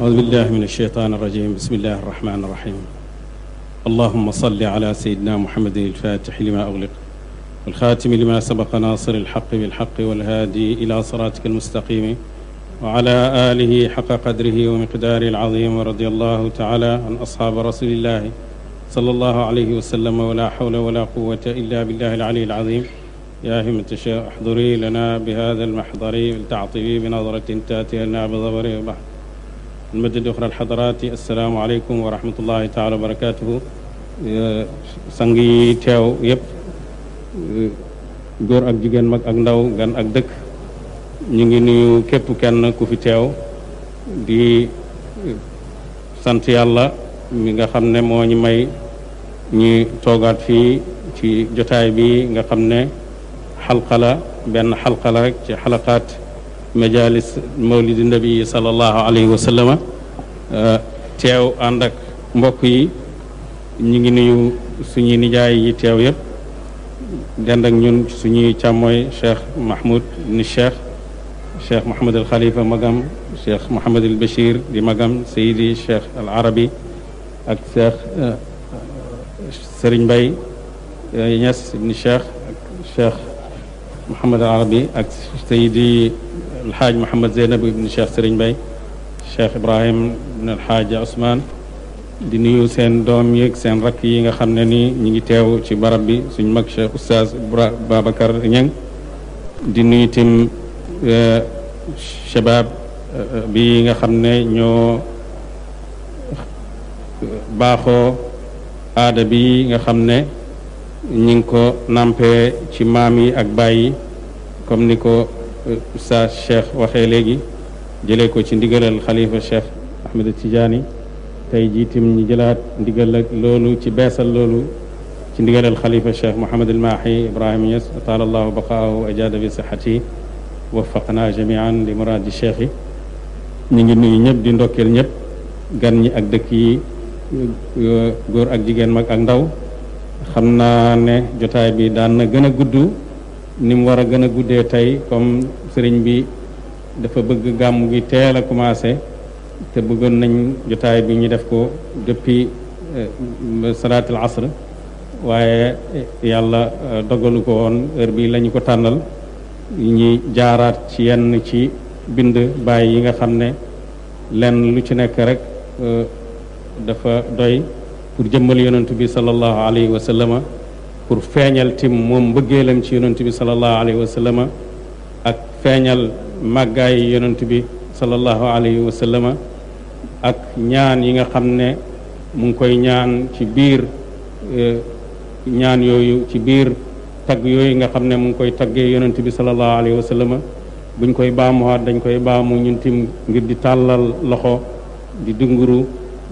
أعوذ بالله من الشيطان الرجيم بسم الله الرحمن الرحيم اللهم صل على سيدنا محمد الفاتح لما أغلق والخاتم لما سبق ناصر الحق بالحق والهادي إلى صراطك المستقيم وعلى آله حق قدره ومقداره العظيم ورضي الله تعالى عن أصحاب رسول الله صلى الله عليه وسلم ولا حول ولا قوة إلا بالله العلي العظيم يا همة الشيخ احضري لنا بهذا المحضر فلتعطفي بنظرة تأتي لنا بظفر بحر المجد أخرى الحضرات السلام عليكم ورحمة الله تعالى وبركاته سنجي تاو يب غور أك جيجن مك أك ناو غن أك دك نيجي نيو كيبو كان كوفي تيو دي سنتي الله ميغا خمنا مو مي ني توغات في تي جتاي بي غا خمنا حلقة لا بأن حلقة لا تي حلقات مجالس مولد النبي صلى الله عليه وسلم تيو عندك مبكي نيغي سني سوني نجاي يي تيو ييب داندك نيون سوني تشاموي شيخ محمود الشيخ شيخ محمد الخليفه مقام شيخ محمد البشير دي مقام سيدي شيخ العربي اك سرين باي ياس بن شيخ محمد العربي اك سيدي الحاج محمد زينب ibn Cheikh Serigne Mbaye Cheikh Ibrahim ibn alxaaji Ousmane di nuyu seen doom yi ak seen rakk yi nga xam ne ni ñu ngi teew ci barab bi suñ mag Cheikh Oustaz Babacar Niang di nuyu tim shabaab bi nga xam ne ñoo baaxoo aada bi nga xam ne ñi ngi ko nampee ci maam yi ak baay yi comme ni ko Oustaz Cheikh waxe léegi jële ko ci ndigalal xalifa Cheikh Ahmed Tidiane tey jiitim ñu jëlaat ndigal ak loolu ci beesal loolu ci ndigalal xalifa Cheikh Mouhamed El Mahi Ibrahima Niass taala allahu baqaahu ajaada bi sixati wafaqna jamian li muraadi cheikh yi ngi nuyu di ndokkel ñëpp gan ñi ak dëkk yi góor ak jigéen mag ak ndaw xam naa ne jotaay bi daan na gën a gudd ni mu war a gën a guddee tey comme sëriñ bi dafa bëgg gàmm gi teel a commencé te bëggoon nañ jotaay bi ñu def ko depuis euh, salaatul asr waaye eh, yàlla euh, dogalu ko woon heure bi lañu ko tànnal ñi jaaraat ci yenn ci bind bàyyi yi nga xam ne lenn lu ci nekk rek euh, dafa doy pour jëmmal yonentu bi sallallahu alayhi wa pour feeñal tim moom mbëggeelam ci yonent bi salallahu alayhi wa ak feeñal màggaayi yonent bi salallahu alayhi wa sallama ak ñaan yi nga xam ne mu ngi koy ñaan ci biir e, ñaan yooyu ci biir tagg yooyu nga xam ne mu ngi koy taggee yonent bi salallahu alayhi wa sallama buñ koy baamuwaat dañ koy baamu ñun tim ngir di tàllal loxo di dunguru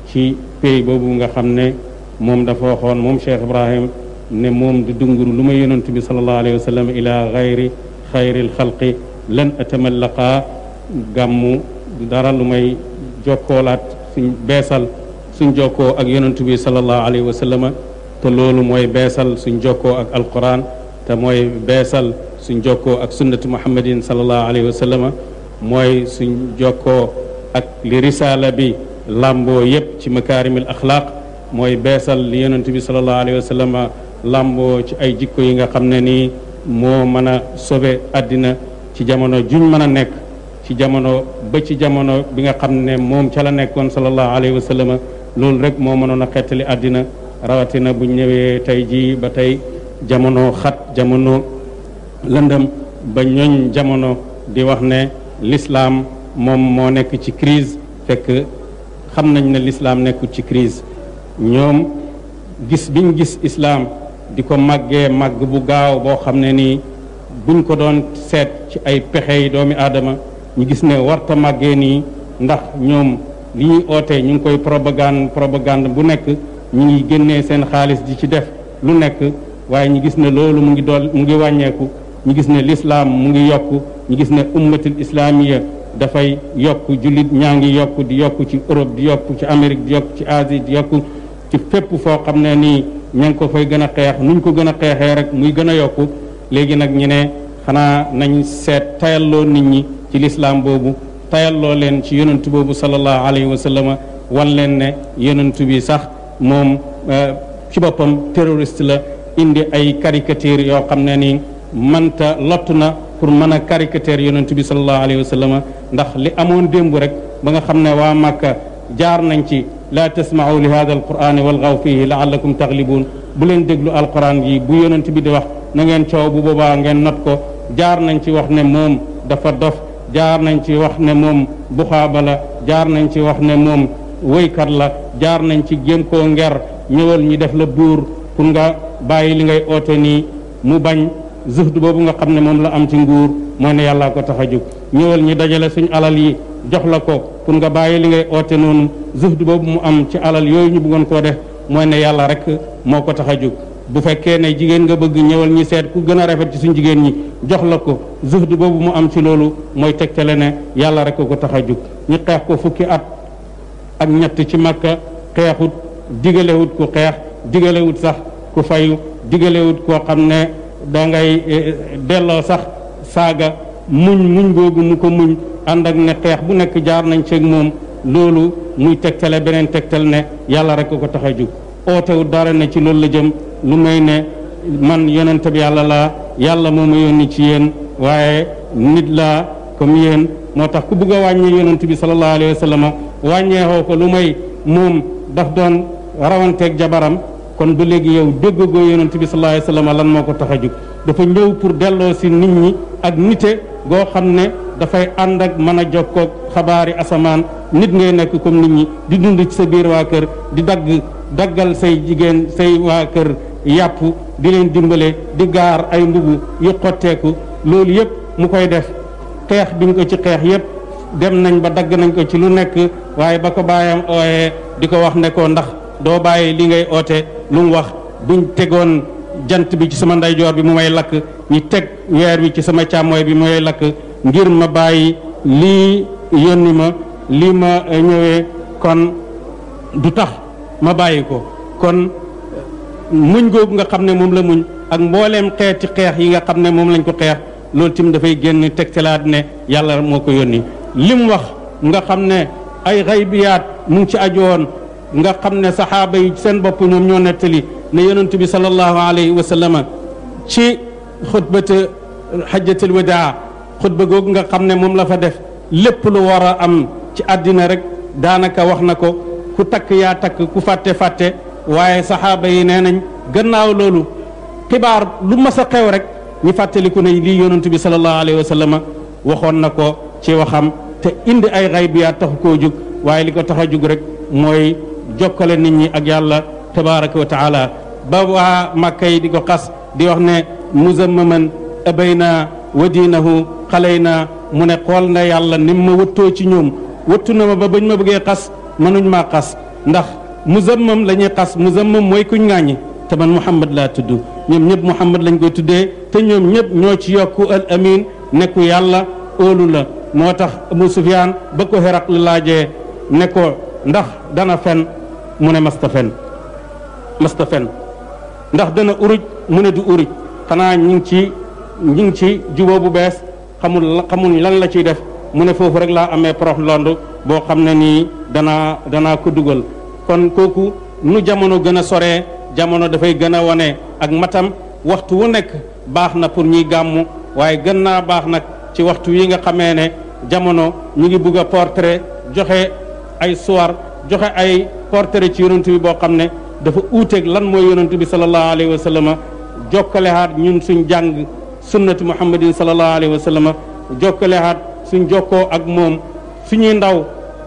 ci pay boobu nga xam ne moom dafa waxoon moom Cheikh Ibrahim ne moom du dunguru lu ma yonent bi salallahu alayhi wa sallam ila xayri xayril xalqi lan atamallaqaa gàmmu dara lu may jokkoolaat suñ beesal suñ jokkoo ak yonent bi salallahu alayhi wa sallam te loolu mooy beesal suñ jokkoo ak alquran te mooy beesal suñ jokkoo ak sunnati muhammadin salallahu alayhi wa sallam suñ jokkoo ak li risaala bi làmboo yépp ci makaarimil axlaaq mooy beesal li yonent bi salallahu alayhi wa làmboo ci ay jikko yi nga xam ne nii moo mën a sobe àddina ci jamono juñ mën a nekk ci jamono ba ci jamono bi nga xam ne moom ca la nekkoon sallallahu alayhi wa sallam loolu rek moo mënoon a xettali àddina rawatina bu ñëwee tey jii ba tey jamono xat jamono lëndëm ba ñooñ jamono di wax ne lislaam moom moo nekk ci crise fekk xam nañ ne lislaam nekkul ci crise ñoom gis biñ gis islam di ko màggee màgg bu gaaw boo xam ne nii buñ ko doon seet ci ay pexey doomi aadama ñu gis ne warta màggee nii ndax ñoom li ñuy ootee ñu ngi koy propagande propagande bu nekk ñu ngi génnee seen xaalis di ci def lu nekk waaye ñu gis ne loolu mu ngi dool mu ngi wàññeeku ñu gis ne lislaam mu ngi yokk ñu gis ne ummatul islaamiya dafay yokk jullit ñaa ngi yokk di yokk ci Europe di yokk ci Amérique di yokk ci Asie di yokk ci fépp foo xam ne nii ña ngi ko fay gën a xeex ñu ko gën a xeexee rek muy gën a yokku léegi nag ñu ne xanaa nañ seet tayalloo nit ñi ci lislaam boobu tayalloo leen ci yonentu boobu sallallahu alayhi wa sallam wan leen ne yonentu bi sax moom eh, ci boppam terroriste la indi ay caricature yoo xam ne ni manta lottu na pour mën a caricature yonentu bi sallallahu alayhi wa sallam ndax li amoon démb rek ba nga xam ne waa Màkka jaar nañ ci laa tasma'u li hada alquran walgaw fihi laallakum taglibuun bu leen déglu alquran yi bu yonent bi di wax na ngeen coow bu boobaa ngeen not ko jaar nañ ci wax ne moom dafa dof jaar nañ ci wax ne moom buxaaba la jaar nañ ci wax ne moom woykat la jaar nañ ci jéem koo nger ñëwal ñi def la buur pour nga bàyyi li ngay oote nii mu bañ zuhd boobu nga xam ne moom la am ci nguur mooy ne yàllaa ko tax a jóg ñëwal ñi dajale suñ alal yi jox la ko pour nga bàyyi li ngay oote noonu zuhd boobu mu am ci alal yooyu ñu buggoon koo def mooy ne yàlla rek moo ko tax a jóg bu fekkee ne jigéen nga bëgg ñëwal ñi seet ku gën a rafet ci suñ jigéen ñi jox la ko zuhd boobu mu am ci loolu mooy tegtale ne yàlla rek ko tax a jóg ñu xeex ko fukki at ak ñett ci makka xeexut digalewut ku xeex digalewut sax ku fayu digalewut koo xam ne da ngay eh, delloo sax saaga muñ muñ boobu mu ko muñ ànd ak ne xeex bu nekk jaar nañ ceeg moom loolu muy tegtale beneen tegtal ne yàlla rek ko tax a jug ootewu dara ne ci loolu la jëm lu may ne man yonent bi yàlla la yàlla moo ma yónni ci yéen waaye nit la kom yéen moo tax ku bugg a wàññi yonent bi sallallahu alayhi wa sallam wàññeexoo ko lu may moom daf doon rawanteeg jabaram kon ba léegi yow déggagoo yonent bi sallallahu alayhi wa sallam lan moo ko tax a jug dafa ñëw pour delloo si nit ñi ak nite xam ne dafay ànd ak mën a jokkoog xabaari asamaan nit ngay nekk comme nit ñi di dund ci sa biir waa kër di dagg daggal say jigéen say waa kër yàpp di leen dimbale di gaar ay mbubu yu xotteeku loolu yëpp mu koy def xeex biñ ko ci xeex yëpp dem nañ ba dagg nañ ko ci lu nekk waaye ba ko baayam ooyee di ko wax ne ndax doo bàyyi li ngay oote lu mu wax buñ tegoon jant bi ci sama ndeyjoor bi mu may lakk ñi teg weer bi ci sama càmmooy bi mu may lakk ngir ma bàyyi lii yónni ma lii ma ñëwee kon du tax ma bàyyi ko kon muñ googu nga xam ne moom la muñ ak mbooleem xeeti xeex yi nga xam ne moom lañ ko xeex loolu tim dafay génn tegtalaat ne yàlla moo ko yónni lim wax nga xam ne ay xaybiyaat mu ngi ci ajowoon nga xam ne saxaaba yi seen bopp ñoom ñoo nettali ne yonent bi sallallahu alayhi wa sallama ci xutbata xajjatul wadaa xutba googu nga xam ne moom la fa def lépp lu war a am ci àddina rek daanaka wax na ko ku takk yaa takk ku fàtte fàtte waaye saxaaba yi nee nañ gannaaw loolu xibaar lu mas a xew rek ñu fàttaliku ne lii yonent bi sallallahu alayhi wa sallam waxoon na ko ci waxam te indi ay xaybiyaat taxu koo jóg waaye li ko tax a jug rek mooy jokkale nit ñi ak yàlla tabaraka wa taala ba waa màkka yi di ko xas di wax ne muzammaman abayna wa diinahu xaley na mu ne xool na yàlla nim ma wëttoo ci ñoom wëttu na ma ba bañ ma bëggee xas mënuñ maa xas ndax muzammam la ñuy xas muzammam mooy kuñ ŋàññi te man Muhammad laa tudd ñoom ñëpp Muhammad lañ koy tuddee te ñoom ñëpp ñoo ci yokku al amin nekku yàlla óolu la moo tax Abu Sufyaan ba ko Heraql laajee ne ko ndax dana fen mu ne masta fen masta fen ndax dana uruj mu ne du uruj xanaa ñu ngi ci ñu ngi ci jubóo bu bees xamul xamul lan la ciy def mu ne foofu rek laa amee prof lond boo xam ne nii danaa danaa ko dugal kon kooku nu jamono gën a soree jamono dafay gën a wane ak matam waxtu wu nekk baax na pour ñuy gàmmu waaye gën naa baax nag ci waxtu wi nga xamee ne jamono ñu ngi bugg a portrait joxe ay suwar joxe ay portrait ci yonent bi boo xam ne dafa uuteeg lan mooy yonent bi sallallahu alayhi wa jokkale haat ñun suñ jàng sunnati muhammadin sallallahu alayhi wa sallam jokkaleexaat suñ jokkoo ak moom suñuy ndaw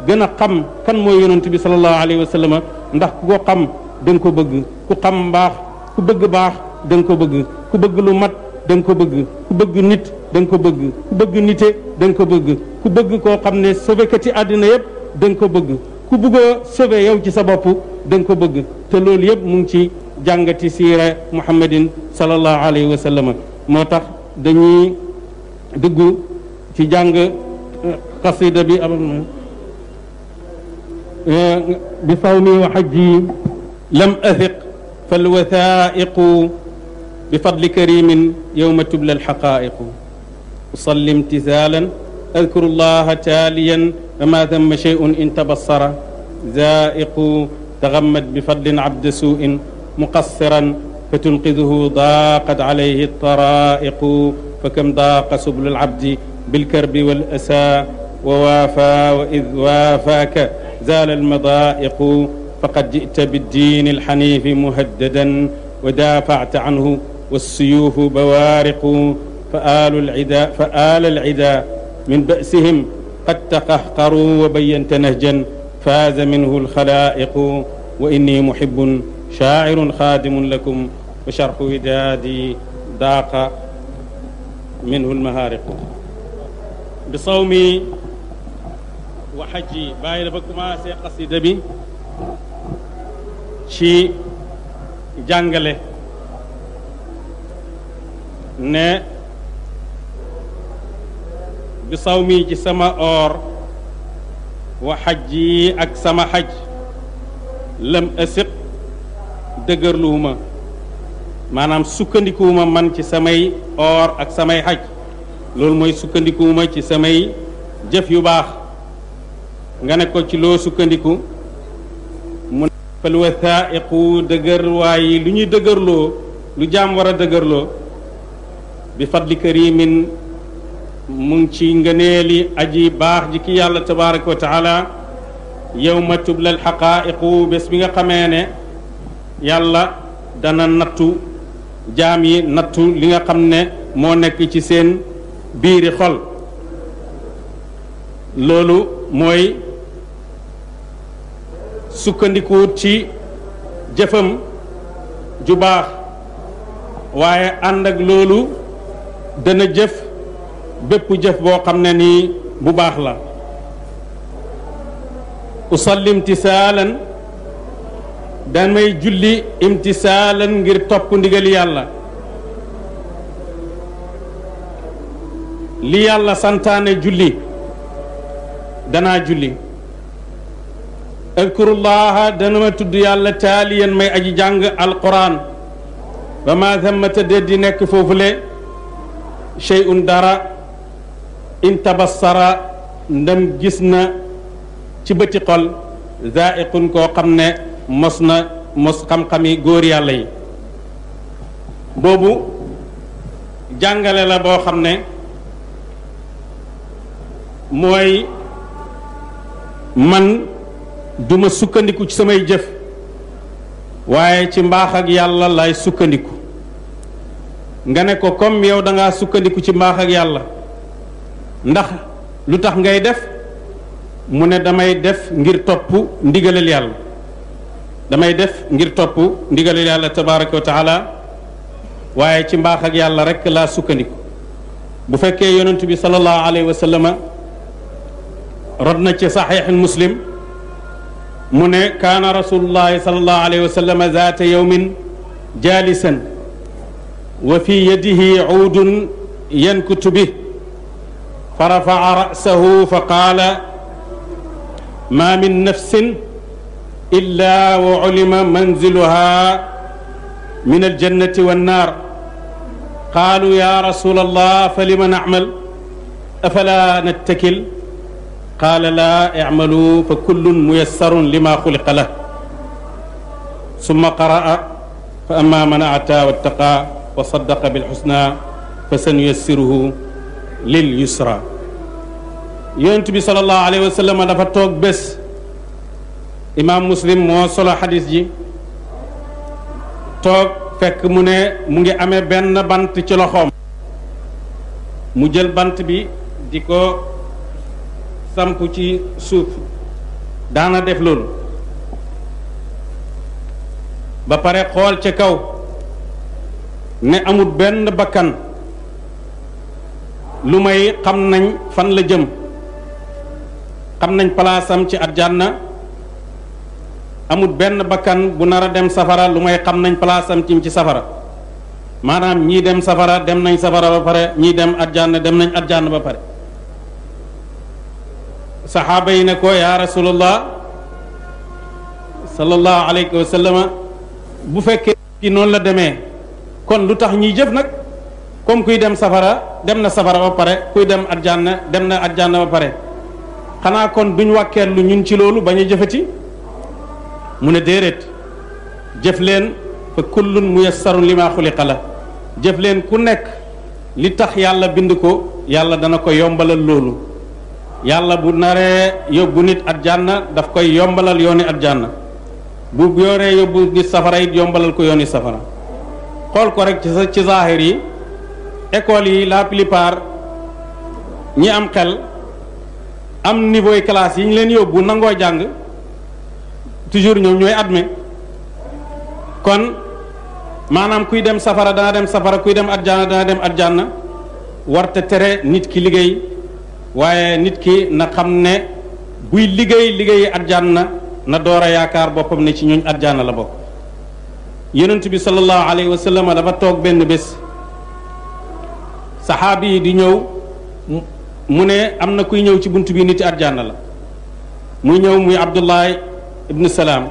gën a xam kan mooy yonent bi sallallahu alayhi wa sallam ndax ku ko xam da ko bëgg ku xam baax ku bëgg baax danga ko bëgg ku bëgg lu mat danga ko bëgg ku bëgg nit da ko bëgg ku bëgg ko bëgg ku bëgg koo xam ne sauvékati àddina yëpp da nga ko bëgg ku bëgg a yow ci sa bopp da ko bëgg te loolu yëpp mu ngi ci jàngati siira muhammadin sallallahu alayhi wa sallam moo tax dañuy dugg ci jàng euh, qasida bi am euh, bi sawmi wa hajji lam athiq بفضل كريم يوم تبلى الحقائق أصلي امتثالا أذكر الله تاليا فما ثم شيء إن تبصر زائق تغمد بفضل عبد سوء مقصرا فتنقذه ضاقت عليه الطرائق فكم ضاق سبل العبد بالكرب والأسى ووافى وإذ وافاك زال المضائق فقد جئت بالدين الحنيف مهددا ودافعت عنه والسيوف بوارق فآل العدا فآل العدا من بأسهم قد تقهقروا وبينت نهجا فاز منه الخلائق وإني محب شاعر خادم لكم وشرح ودادي ضاق منه المهارق بصومي وحجي باير بكما سي قصيدة بي شي جانجلي ن بصومي saw mii ci sama or wa xaj yi dëgërluwuma maanaam sukkandikuwuma man ci samay or ak samay xaj loolu mooy sukkandikuwuma ci samay jëf yu baax nga ne ko ci loo sukkandiku mu fal wathaiqu dëgërwaay yi lu ñuy dëgërloo lu jaam war a dëgërloo bi fadli karimin mu ngi ci ngëneeli aji baax ji ki yàlla tabaraka wa taala yawma tublal xaqaa'iqu bés bi nga xamee ne yàlla dana nattu jaam yi nattu li nga xam ne moo nekk ci seen biiri xol loolu mooy sukkandikuwut ci jëfam ju baax waaye ànd ak loolu dana jëf bépp jëf boo xam ne nii bu baax la usallim tisaalan damay julli imtisaalan ngir topp ndigal yàlla li yàlla santaane julli danaa julli adkurullaha dana ma tudd yàlla taaliyan may aji jàng alquran ba ma thammata déet di nekk foofule shay'un dara in tabassara ndam gis na ci bëti xol zaiqun koo xam ne mos na mos xam-xami góor yàlla yi boobu jàngale la boo xam ne mooy man duma sukkandiku ci samay jëf waaye ci mbaax ak yàlla lay sukkandiku nga ne ko comme yow da sukkandiku ci mbaax ak yàlla ndax lu tax ngay def mu ne damay def ngir topp ndigalal yàlla damay def ngir top ndigal yàlla tabaraka wa taala waye ci mbax ak yàlla rek la sukkandiku bu fekke yonent bi sallallahu alayhi wa sallam rod ci sahih muslim mune kana rasulullah sallallahu alayhi wa sallam zaat yawmin jalisan wa fi yadihi uudun yankutu bih فرفع رأسه فقال ما من نفس إلا وعلم منزلها من الجنة والنار قالوا يا رسول الله فلم نعمل أفلا نتكل قال لا اعملوا فكل ميسر لما خلق له ثم قرأ فأما من أعتى واتقى وصدق بالحسنى فسنيسره لليسرى يونت صلى الله عليه وسلم دفا توك بس imaam muslim moo solo xadis ji toog fekk mu ne mu ngi amee benn bant ci loxoom mu jël bant bi di ko samp ci suuf daana def loolu ba pare xool ca kaw ne amul benn bakkan lu may xam nañ fan la jëm xam nañ palaasam ci àjjana amut benn bakkan bu nar a dem safara lu may xam nañ place am ci safara maanaam ñii dem safara dem nañ safara ba pare ñii dem ajjana dem nañ ajjana ba pare saxaaba yi ne ko yaa rasulullah sallallahu alayhi wa bu fekkee ki noonu la demee kon lu tax ñiy jëf nag comme kuy dem safara dem na safara ba pare kuy dem ajjana dem na ajjana ba pare xanaa kon duñ wàkkeel lu ñun ci loolu ba a jëfati mu ne déedéet jëf leen fa kullun muyassarun li maa xuliqa la jëf leen ku nekk li tax yàlla bind ko yàlla dana ko yombalal loolu yàlla bu naree yóbbu nit jànn daf koy yombalal yooni jànn bu yoree yóbbu nit safara it yombalal ko yooni safara xool ko rek ci sa ci zaahir yi école yi la plupart ñi am xel am niveau classe yi ñu leen yóbbu nangoo jàng toujours ñoom ñooy admis kon maanaam kuy dem safara dana dem safara kuy dem àjjana dana dem àjjana warte tere nit ki liggéey waaye nit ki na xam ne buy liggéey liggéey àjjana na door a yaakaar boppam ne ci ñooñ àjjana la bokk yonent bi sallallahu alayhi wa dafa toog benn bés saxaabi yi di ñëw mu ne am na kuy ñëw ci bunt bi nit àjjana la muy ñëw muy Abdullahi ibnu salaam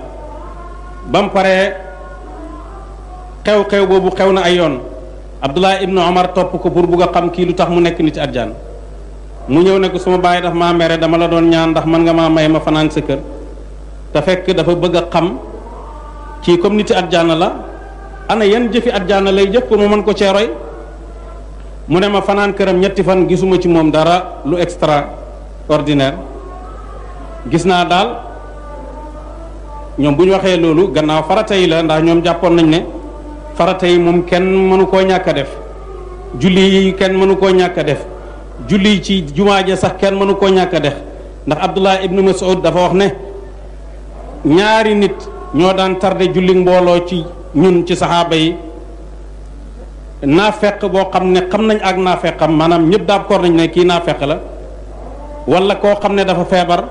ba mu paree xew-xew boobu xew na ay yoon abdullah ibnu omar topp ko pour bugg a xam kii lu tax mu nekk nit àjjana mu ñëw ne ko suma bàyyi daf maa mere dama la doon ñaan ndax man nga maa may ma fanaan sa kër te fekk dafa bëgg a xam kii comme nit àjjana la ana yan jëfi àjjana lay jëf pour mu mën ko cee mu ne ma fanaan këram ñetti fan gisuma ci moom dara lu extraordinaire gis naa daal ñoom bu ñu waxee loolu gannaaw farata yi la ndax ñoom jàppoon nañ ne farata yi moom kenn mënu koo ñàkk a def julli yi kenn mënu koo ñàkk a def julli ci jumaa ja sax kenn mënu koo ñàkk a def ndax Abdullah ibnu Mas'ud dafa wax ne ñaari nit ñoo daan tardé julli mbooloo ci ñun ci saxaaba yi naafeq boo xam ne xam nañ ak naafeqam maanaam ñëpp d'accord nañ ne kii naafeq la wala koo xam ne dafa feebar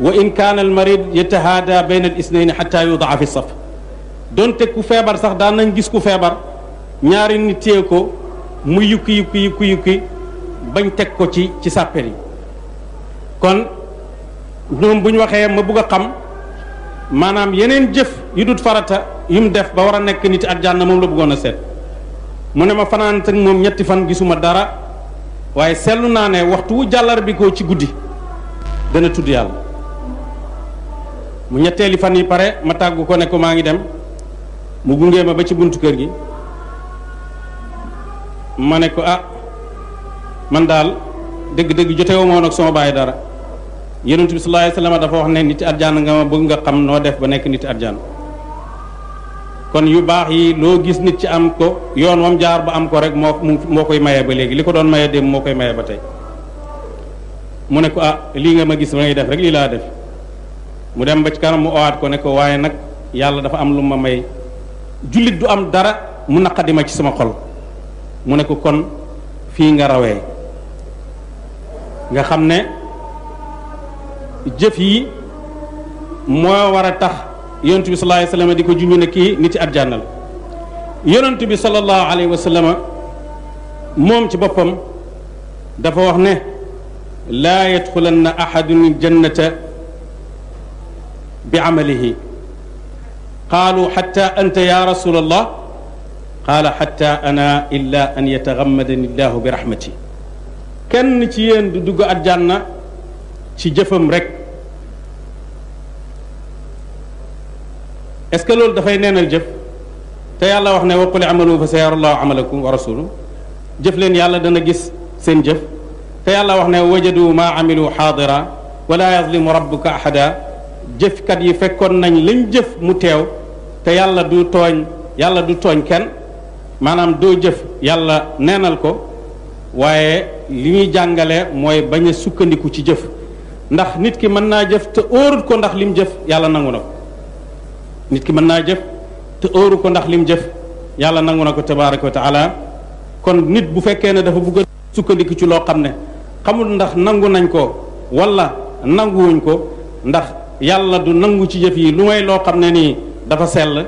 wa in kaana al marid yatahaada bayna al isnayni xatta yudaa fi saf donte ku feebar sax daan nañ gis ku feebar ñaari nit téye ko mu yukki yukki yukki bañ teg ko ci ci sàppel kon ñoom bu ñu waxee ma bugg a xam maanaam yeneen jëf yu dut farata yu mu def ba war a nekk nit at jànn moom la buggoon a seet mu ne ma fanaan ak moom ñetti fan gisuma dara waaye seetlu naa ne waxtu wu ko ci guddi dana tudd yàlla mu ñetteeli fan yi pare ma tàgg ko ne ko maa ngi dem mu gungee ma ba ci buntu kër gi ma ne ko ah man daal dégg dëgg jotewu moo nag sama bàyyi dara yonent bi sallallahu alayhi wasallam dafa wax ne nit àjjana nga ma bëgg nga xam noo def ba nekk nit àjjana kon yu baax yi loo gis nit ci am ko yoon wam jaar ba am ko rek moo moo koy maye ba léegi li ko doon maye dem moo koy maye ba tey mu ne ko ah lii nga ma gis ma ngay def rek lii laa def mu dem ba kanam mu owaat ko ne ko waaye nag yàlla dafa am lu ma may jullit du am dara mu naqadima ci sama xol mu ne ko kon fii nga rawee nga xam ne jëf yi moo war a tax yonent bi sallallahu wa sallam di ko junju ne kii nit ci àjjana la yonent bi sallallahu alayhi wa sallam moom ci boppam dafa wax ne laa yadxulanna ahadun jannata بعمله قالوا حتى أنت يا رسول الله قال حتى أنا إلا أن يتغمدني الله برحمتي كن نتيين دوغو أجانا تي جفم رك اسكو لول دا فاي نينال جف تا وقل عملوا فسيرى الله عملكم ورسوله جف لين يالا دانا غيس سين جف تا يالا واخنا وجدوا ما عملوا حاضرا ولا يظلم ربك احدا jëfkat yi fekkoon nañ lañ jëf mu teew te yàlla du tooñ yàlla du tooñ kenn maanaam doo jëf yàlla neenal ko waaye li muy jàngale mooy bañ a sukkandiku ci jëf ndax nit ki mën naa jëf te óorut ko ndax lim jëf yàlla nangu na ko nit ki mën naa jëf te óoru ko ndax lim jëf yàlla nangu na ko tabaraka wa taala kon nit bu fekkee ne dafa bëgg sukkandiku ci loo xam ne xamul ndax nangu nañ ko wala nanguwuñ ko ndax yàlla du nangu ci jëf yi lu may loo xam ne nii dafa sell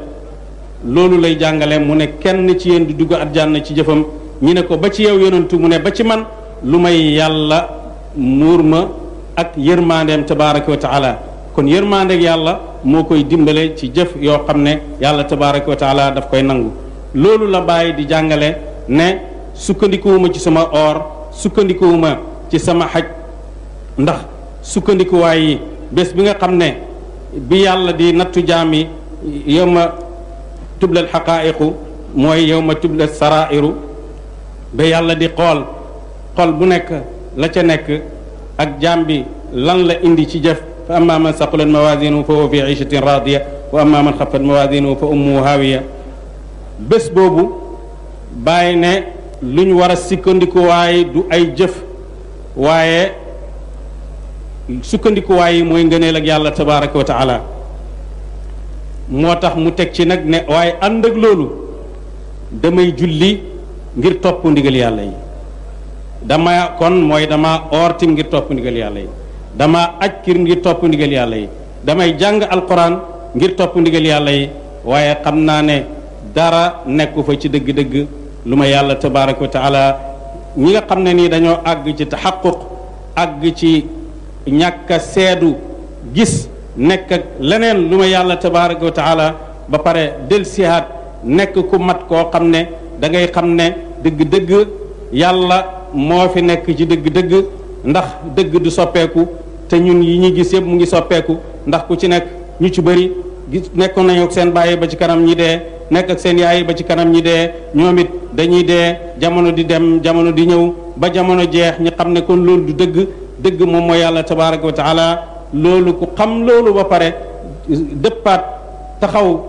loolu lay jàngale mu ne kenn ci yéen di dugg àjjana ci jëfam ñu ne ko ba ci yow yonentu mu ne ba ci man lu may yàlla muur ma ak yërmandeem tabaraka wa taala kon yërmandeeg yàlla moo koy dimbale ci jëf yoo xam ne yàlla tabaraka wa daf koy nangu loolu la bàyyi di jàngale ne sukkandikuwuma ci sama or sukkandikuwuma ci sama xaj ndax sukkandikuwaay yi bés bi nga xamne bi yàlla di natu jami yawma tubla al haqa'iq moy yawma tubla al sara'ir be yàlla di xol xol bu nek la ca nek ak jambi lan la indi ci jëf fa amma man saqulat mawazinuhu fa huwa fi ishatin radiya wa amma man xafat mawazinuhu fa ummuhu hawiya bés bobu bayne ne wara ñu way du ay jëf waye sukkandikuwaay yi mooy ngëneel ak yàlla tabaraka wa taala moo tax mu teg ci nag ne waaye ànd ak loolu damay julli ngir topp ndigal yàlla yi dama kon mooy dama oortim ngir topp yi dama aj kir ngir topp ndigal yàlla yi damay jàng alquran ngir topp ndigal yàlla yi waaye xam naa ne dara nekku fa ci dëgg-dëgg lu ma yàlla tabaraka wa taala ñi nga xam ne nii dañoo àgg ci taxaquq àgg ci ñàkk a seedu gis nekk ak leneen lu ma yàlla tabaraka wa taala ba pare del sihaat nekk ku mat koo xam ne da ngay xam ne dëgg-dëgg yàlla moo fi nekk ci dëgg-dëgg ndax dëgg du soppeeku te ñun yi ñuy gis yëpp mu ngi soppeeku ndax ku ci nekk ñu ci bëri gis nekkoon nañu ak seen bàyyi ba ci kanam ñi dee nekk ak seen yaay ba ci kanam ñi dee ñoom it dañuy dee jamono di dem jamono di ñëw ba jamono jeex ñi xam ne kon loolu du dëgg dëgg moom mooy yàlla tabaraka wa taala loolu ku xam loolu ba pare dëppaat taxaw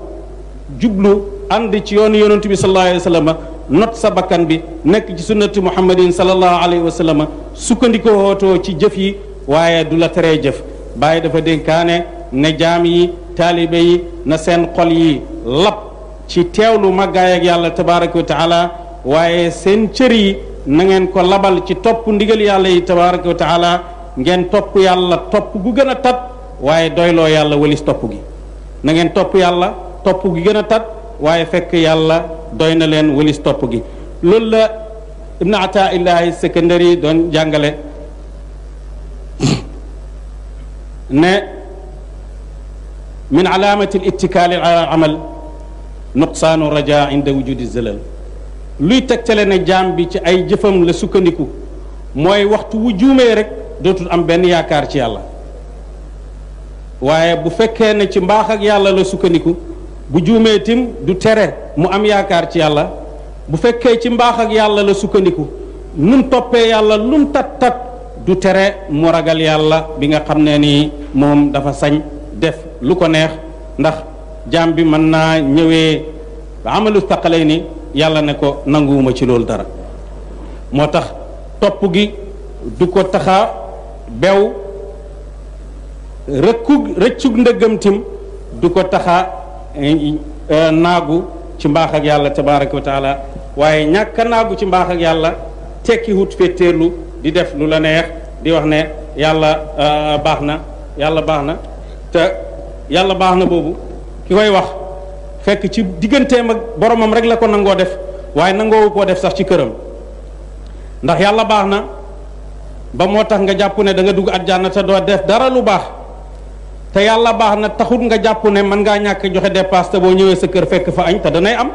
jublu ànd ci yoon yonentu bi sallallahu wa sallam not sa bakkan bi nekk ci sunnati muhammadin sallallahu alayhi wa sallam sukkandikoo wootoo ci jëf yi waaye du la teree jëf bàyyi dafa dénkaane ne jaam yi taalibe yi na seen xol yi lap ci teewlu màggaay ak yàlla tabaraka wa taala waaye seen cër yi نعن كو لبال تي توب نديغال يالله تبارك وتعالى نعن توب يالله توب غوغنا تات واي دويلو يالله وليس توب غي نعن توب يالله توب غوغنا تات واي فك يالله دوينا لين وليس توب غي لولا ابن عطاء الله السكندري دون جانغال ن من علامه الاتكال على العمل نقصان الرجاء عند وجود الزلل luy tegtale na jaam bi ci ay jëfam la sukkandiku mooy waxtu wu juumee rek dootul am benn yaakaar ci yàlla waaye bu fekkee ne ci mbaaxak yàlla la sukkandiku bu juumee tim du tere mu am yaakaar ci yàlla bu fekkee ci mbaax yàlla la sukkandiku num toppee yàlla lum tat tat du tere mu ragal yàlla bi nga xam ne nii moom dafa sañ def lu ko neex ndax jaam bi mën naa ñëwee amalu taqalay nii yàlla ne ko nanguwuma ci loolu dara moo tax topp gi du ko taxa bew rëkkug rëccug ndëggamtim du ko taxa eh, eh, naagu ci mbaax ak yàlla tabaraka wa taala waaye ñàkk a naagu ci mbaax ak yàlla tekki wut fetteerlu di def lu la neex di wax ne yàlla eh, baax na yàlla baax na te yàlla baax na boobu ki koy wax fekk ci digganteem ak boromam rek la ko nangoo def waaye nangoowu ko def sax ci këram ndax yàlla baax na ba moo tax nga jàpp ne da nga dugg àjjana te doo def dara lu baax te yàlla baax na taxut nga jàpp ne mën ngaa ñàkk joxe dépasse te boo ñëwee sa kër fekk fa añ te danay am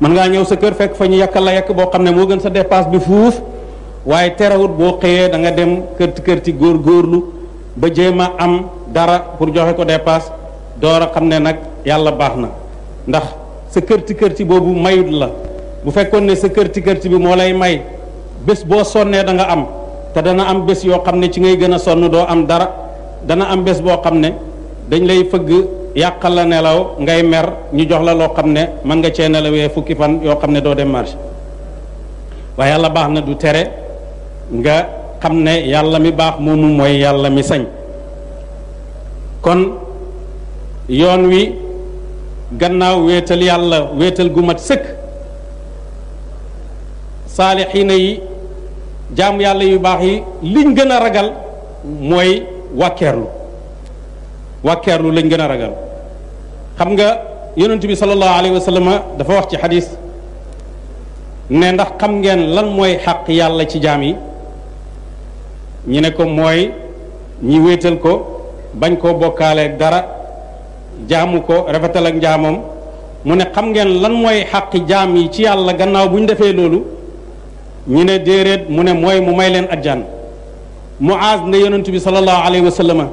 mën ngaa ñëw sa kër fekk fa ñu yàkkal la yàkk boo xam ne moo gën sa dépasse bi fuuf waaye terewut boo xëyee da nga dem kërti kërti góor góorlu ba jéem a am dara pour joxe ko dépasse door a xam ne nag yàlla baax na ndax sa kërti kërti boobu mayut la bu fekkoon ne sa kërti kërti bi moo lay may bés boo sonnee danga am te dana am bés yoo xam ne ci ngay gëna sonn doo am dara dana am bés boo xam ne dañ lay fëgg yàqal la nelaw ngay mer ñu jox la loo xam ne mën nga cee nelawee fukki fan yoo xam ne doo dem marché waaye yàlla baax na du tere nga xam ne yàlla mi baax moomu mooy yàlla mi sañ kon yoon wi gannaaw wéetal yàlla wéetal gu mat sëkk saalixiina yi jaam yàlla yu baax yi liñ gën a ragal mooy wàkkeerlu wàkkeerlu lañ gën a ragal xam nga yonent bi sallallahu alayhi wa dafa wax ci xadis ne ndax xam ngeen lan mooy xaq yàlla ci jaam yi ñi ne ko mooy ñi wéetal ko bañ koo bokkaale dara jaamu ko rafetal ak njaamam mu ne xam ngeen lan mooy xàqi jaam yi ci yàlla gannaaw bu ñu defee loolu ñu ne déeréet mu ne mooy mu may leen ajjaan Muaz ne yonent bi sallallahu alayhi wa sallam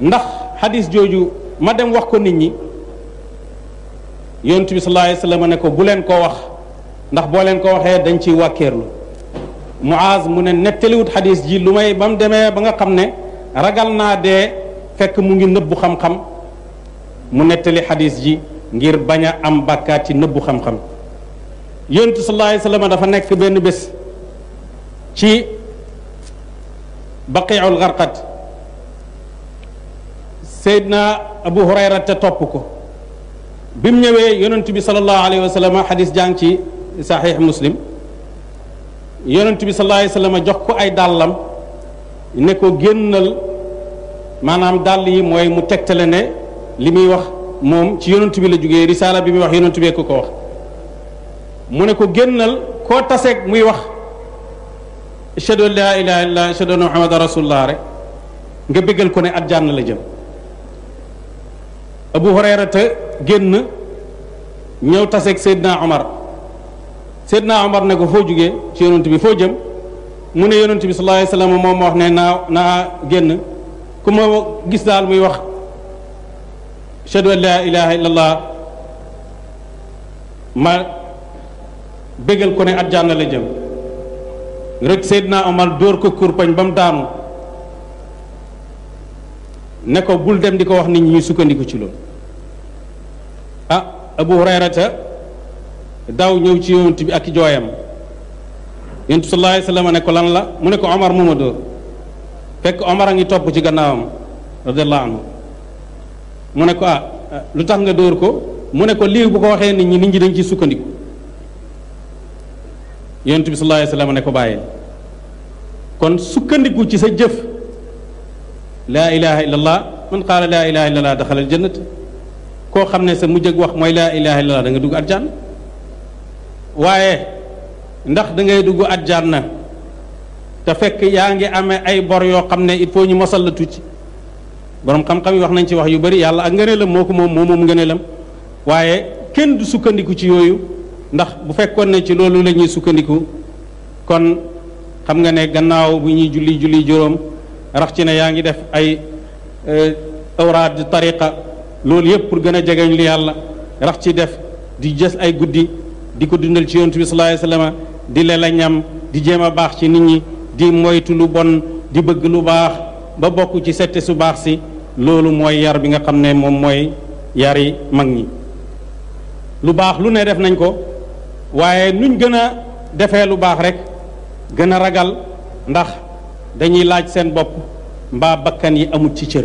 ndax xadis jooju ma dem wax ko nit ñi yonent bi sallallahu alayhi wa ne ko bu leen koo wax ndax boo leen ko waxee dañ ciy wàkkeerlu Muaz mu ne nettaliwut xadiis ji lu may ba mu demee ba nga xam ne ragal naa dee fekk mu ngi nëbbu xam-xam mu nettali xadis ji ngir bañ a am bàkkaat ci nëbbu xam-xam yontu dafa nekk benn bés ci baqiul garqad na abu hurayra te topp ko bi mu ñëwee yonent bi sallallahu alayhi wa sallam jàng ci saxiix muslim yonent bi sallallahu alayhi wa jox ko ay dàllam ne ko génnal maanaam dàll yi mooy mu tegtale ne li muy wax moom ci yonent bi la jógee risaala bi muy wax yonent bee ko ko wax mu ne ko génnal koo taseeg muy wax ashhadu an laa ilaha illallah ashhadu anna muhammadan rek nga béggal ko ne àjjana la jëm abu hurayra te génn ñëw taseeg seydna omar na omar ne ko foo jógee ci yonent bi foo jëm mu ne yonent bi sallallahu moom ma wax ne naa naa génn ku ma gis daal muy wax ashhadu an laa ilaha illa ma bégal ko ne àjjana la jëm rek Seydina Omar dóor ko kurpañ ba mu daanu ne ko bul dem di ko wax nit ñi sukkandiku ci loolu ah Abu Hurayrata daw ñëw ci yonent bi ak jooyam yonent sallallahu alayhi wasallam ne ko lan la mu ne ko Omar moo ma dóor fekk Omar a ngi topp ci gannaawam radiyallahu anhu mu ne ko ah lu tax nga dóor ko mu ne ko lii bu ko waxee nit ñi nit ñi dañ ci sukkandiku yonent bi sallallahu ne ko bàyyil kon sukkandiku ci sa jëf laa ilaha illallah man qaala laa ilaha illallah daxalal jannat koo xam ne sa mu ak wax mooy laa ilaha illallah danga dugg dugg àjjana waaye ndax dangay dugg ngay dugg àjjana te fekk yaa ngi amee ay bor yoo xam ne il faut ñu mosal la tuuti borom xam-xam yi wax nañ ci wax yu bari yàlla ak ngëneelam moo ko moom moo moom ngëneelam waaye kenn du sukkandiku ci yooyu ndax bu fekkoon ne ci loolu la ñuy sukkandiku kon xam nga ne gannaaw bu ñuy julli julli juróom rax ci ne yaa def ay eh, awraad tariqa loolu yépp pour gën a jegeñ lu yàlla rax ci def di jës ay guddi di ko dundal ci yontu bi sallallahu alayhi di lela ñam di jéem a baax ci nit ñi di moytu lu bon di bëgg lu baax ba bokk ci sette su baax si loolu mooy yar bi nga xam ne moom mooy yari mag ñi lu baax lu ne def nañ ko waaye nuñ gën a defee lu baax rek gën a ragal ndax dañuy laaj seen bopp mbaa bakkan yi amut ci cër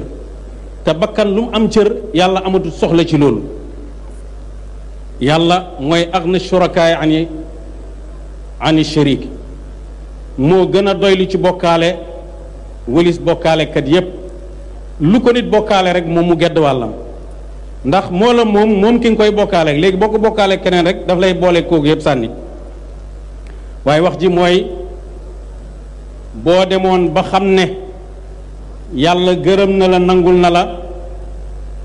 te bakkan lu mu am cër yàlla amatul soxla ci loolu yàlla mooy aghna shurakaay ani ani shariik moo gën a doylu ci bokkaale wëlis bokkaalekat yépp lu ko nit bokkaale rek moom mu gedd wàllam ndax moo la moom moom ki nga koy bokkaale léegi boo ko bokkaale keneen rek daf lay boole kooku yëpp sànni waaye wax ji mooy boo demoon ba xam ne yàlla gërëm na la nangul na la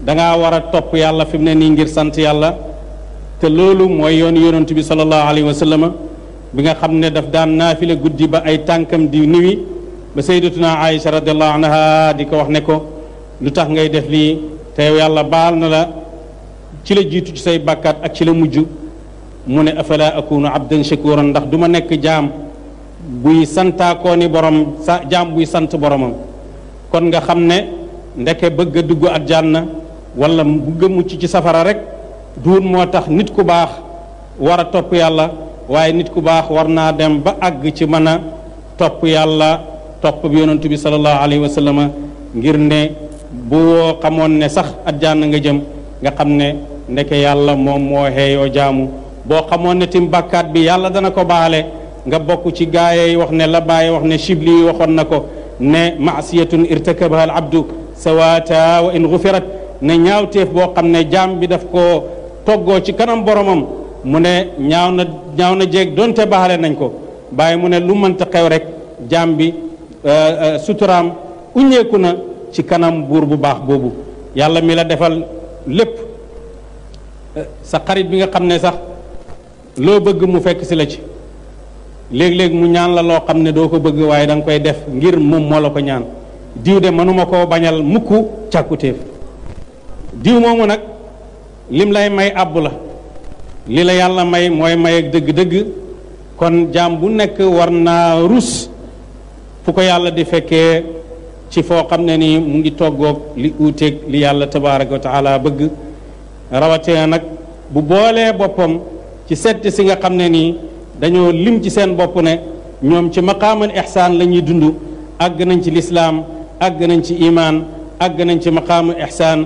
danga war a topp yàlla fi mu ne nii ngir sant yàlla te loolu mooy yoon yonent bi sallallahu alayhi wa bi nga xam ne daf daan naafile guddi ba ay tànkam di niwi ba naa Aïcha radiyallahu anha di ko wax ne ko lu tax ngay def lii te yàlla baal na la ci la jiitu ci say bàkkaat ak ci la mujj mu ne afala akunu abdan shakuran ndax duma nekk jaam buy santaakoo ni borom sa jaam buy sant boromam kon nga xam ne ndeke bëgg a dugg àjjana wala bëgg a mucc ci safara rek duun moo tax nit ku baax war a topp yàlla waaye nit ku baax war naa dem ba àgg ci mën a topp yàlla topp bi yonentu bi sallallahu ngir ne bu woo xamoon ne sax ajjana nga jëm nga xam ne ndeke yàlla moom moo xeeyoo jaamu boo xamoon ne tim bàkkaat bi yàlla dana ko baale nga bokk ci gaaye yi wax ne la bàyyi wax ne shibli yi waxoon na ko ne maasiyatun irtakabaha al abdu sawata wa in gufirat ne ñaawteef boo xam ne jaam bi daf ko toggoo ci kanam boromam mu ne ñaaw na jeg na jéeg donte baale nañ ko bàyyi mu ne lu xew rek jaam bi euh, euh, suturaam na ci kanam bur bu baax boobu yalla mi la defal lepp eh, sa xarit bi nga xamne sax lo bëgg mu fekk ci la ci leg leg mu ñaan la lo xamne do ko bëgg waye dang koy def ngir moom mo la ko ñaan diw de manuma ko bañal mukk càkkutéef diw momu nak lim lay may àbb la li la yalla may moy may ak deug deug kon jam bu warna warna rus fu ko yàlla di fekke ci foo xam ne nii mu ngi toggoog li uuteeg li yàlla tabaraka wa taala bëgg rawatina nag bu boolee boppam ci sett si nga xam ne nii dañoo lim ci seen bopp ne ñoom ci maqaamal ihsaan la ñuy dund àgg nañ ci lislaam àgg nañ ci iman àgg nañ ci maqaamu ihsaan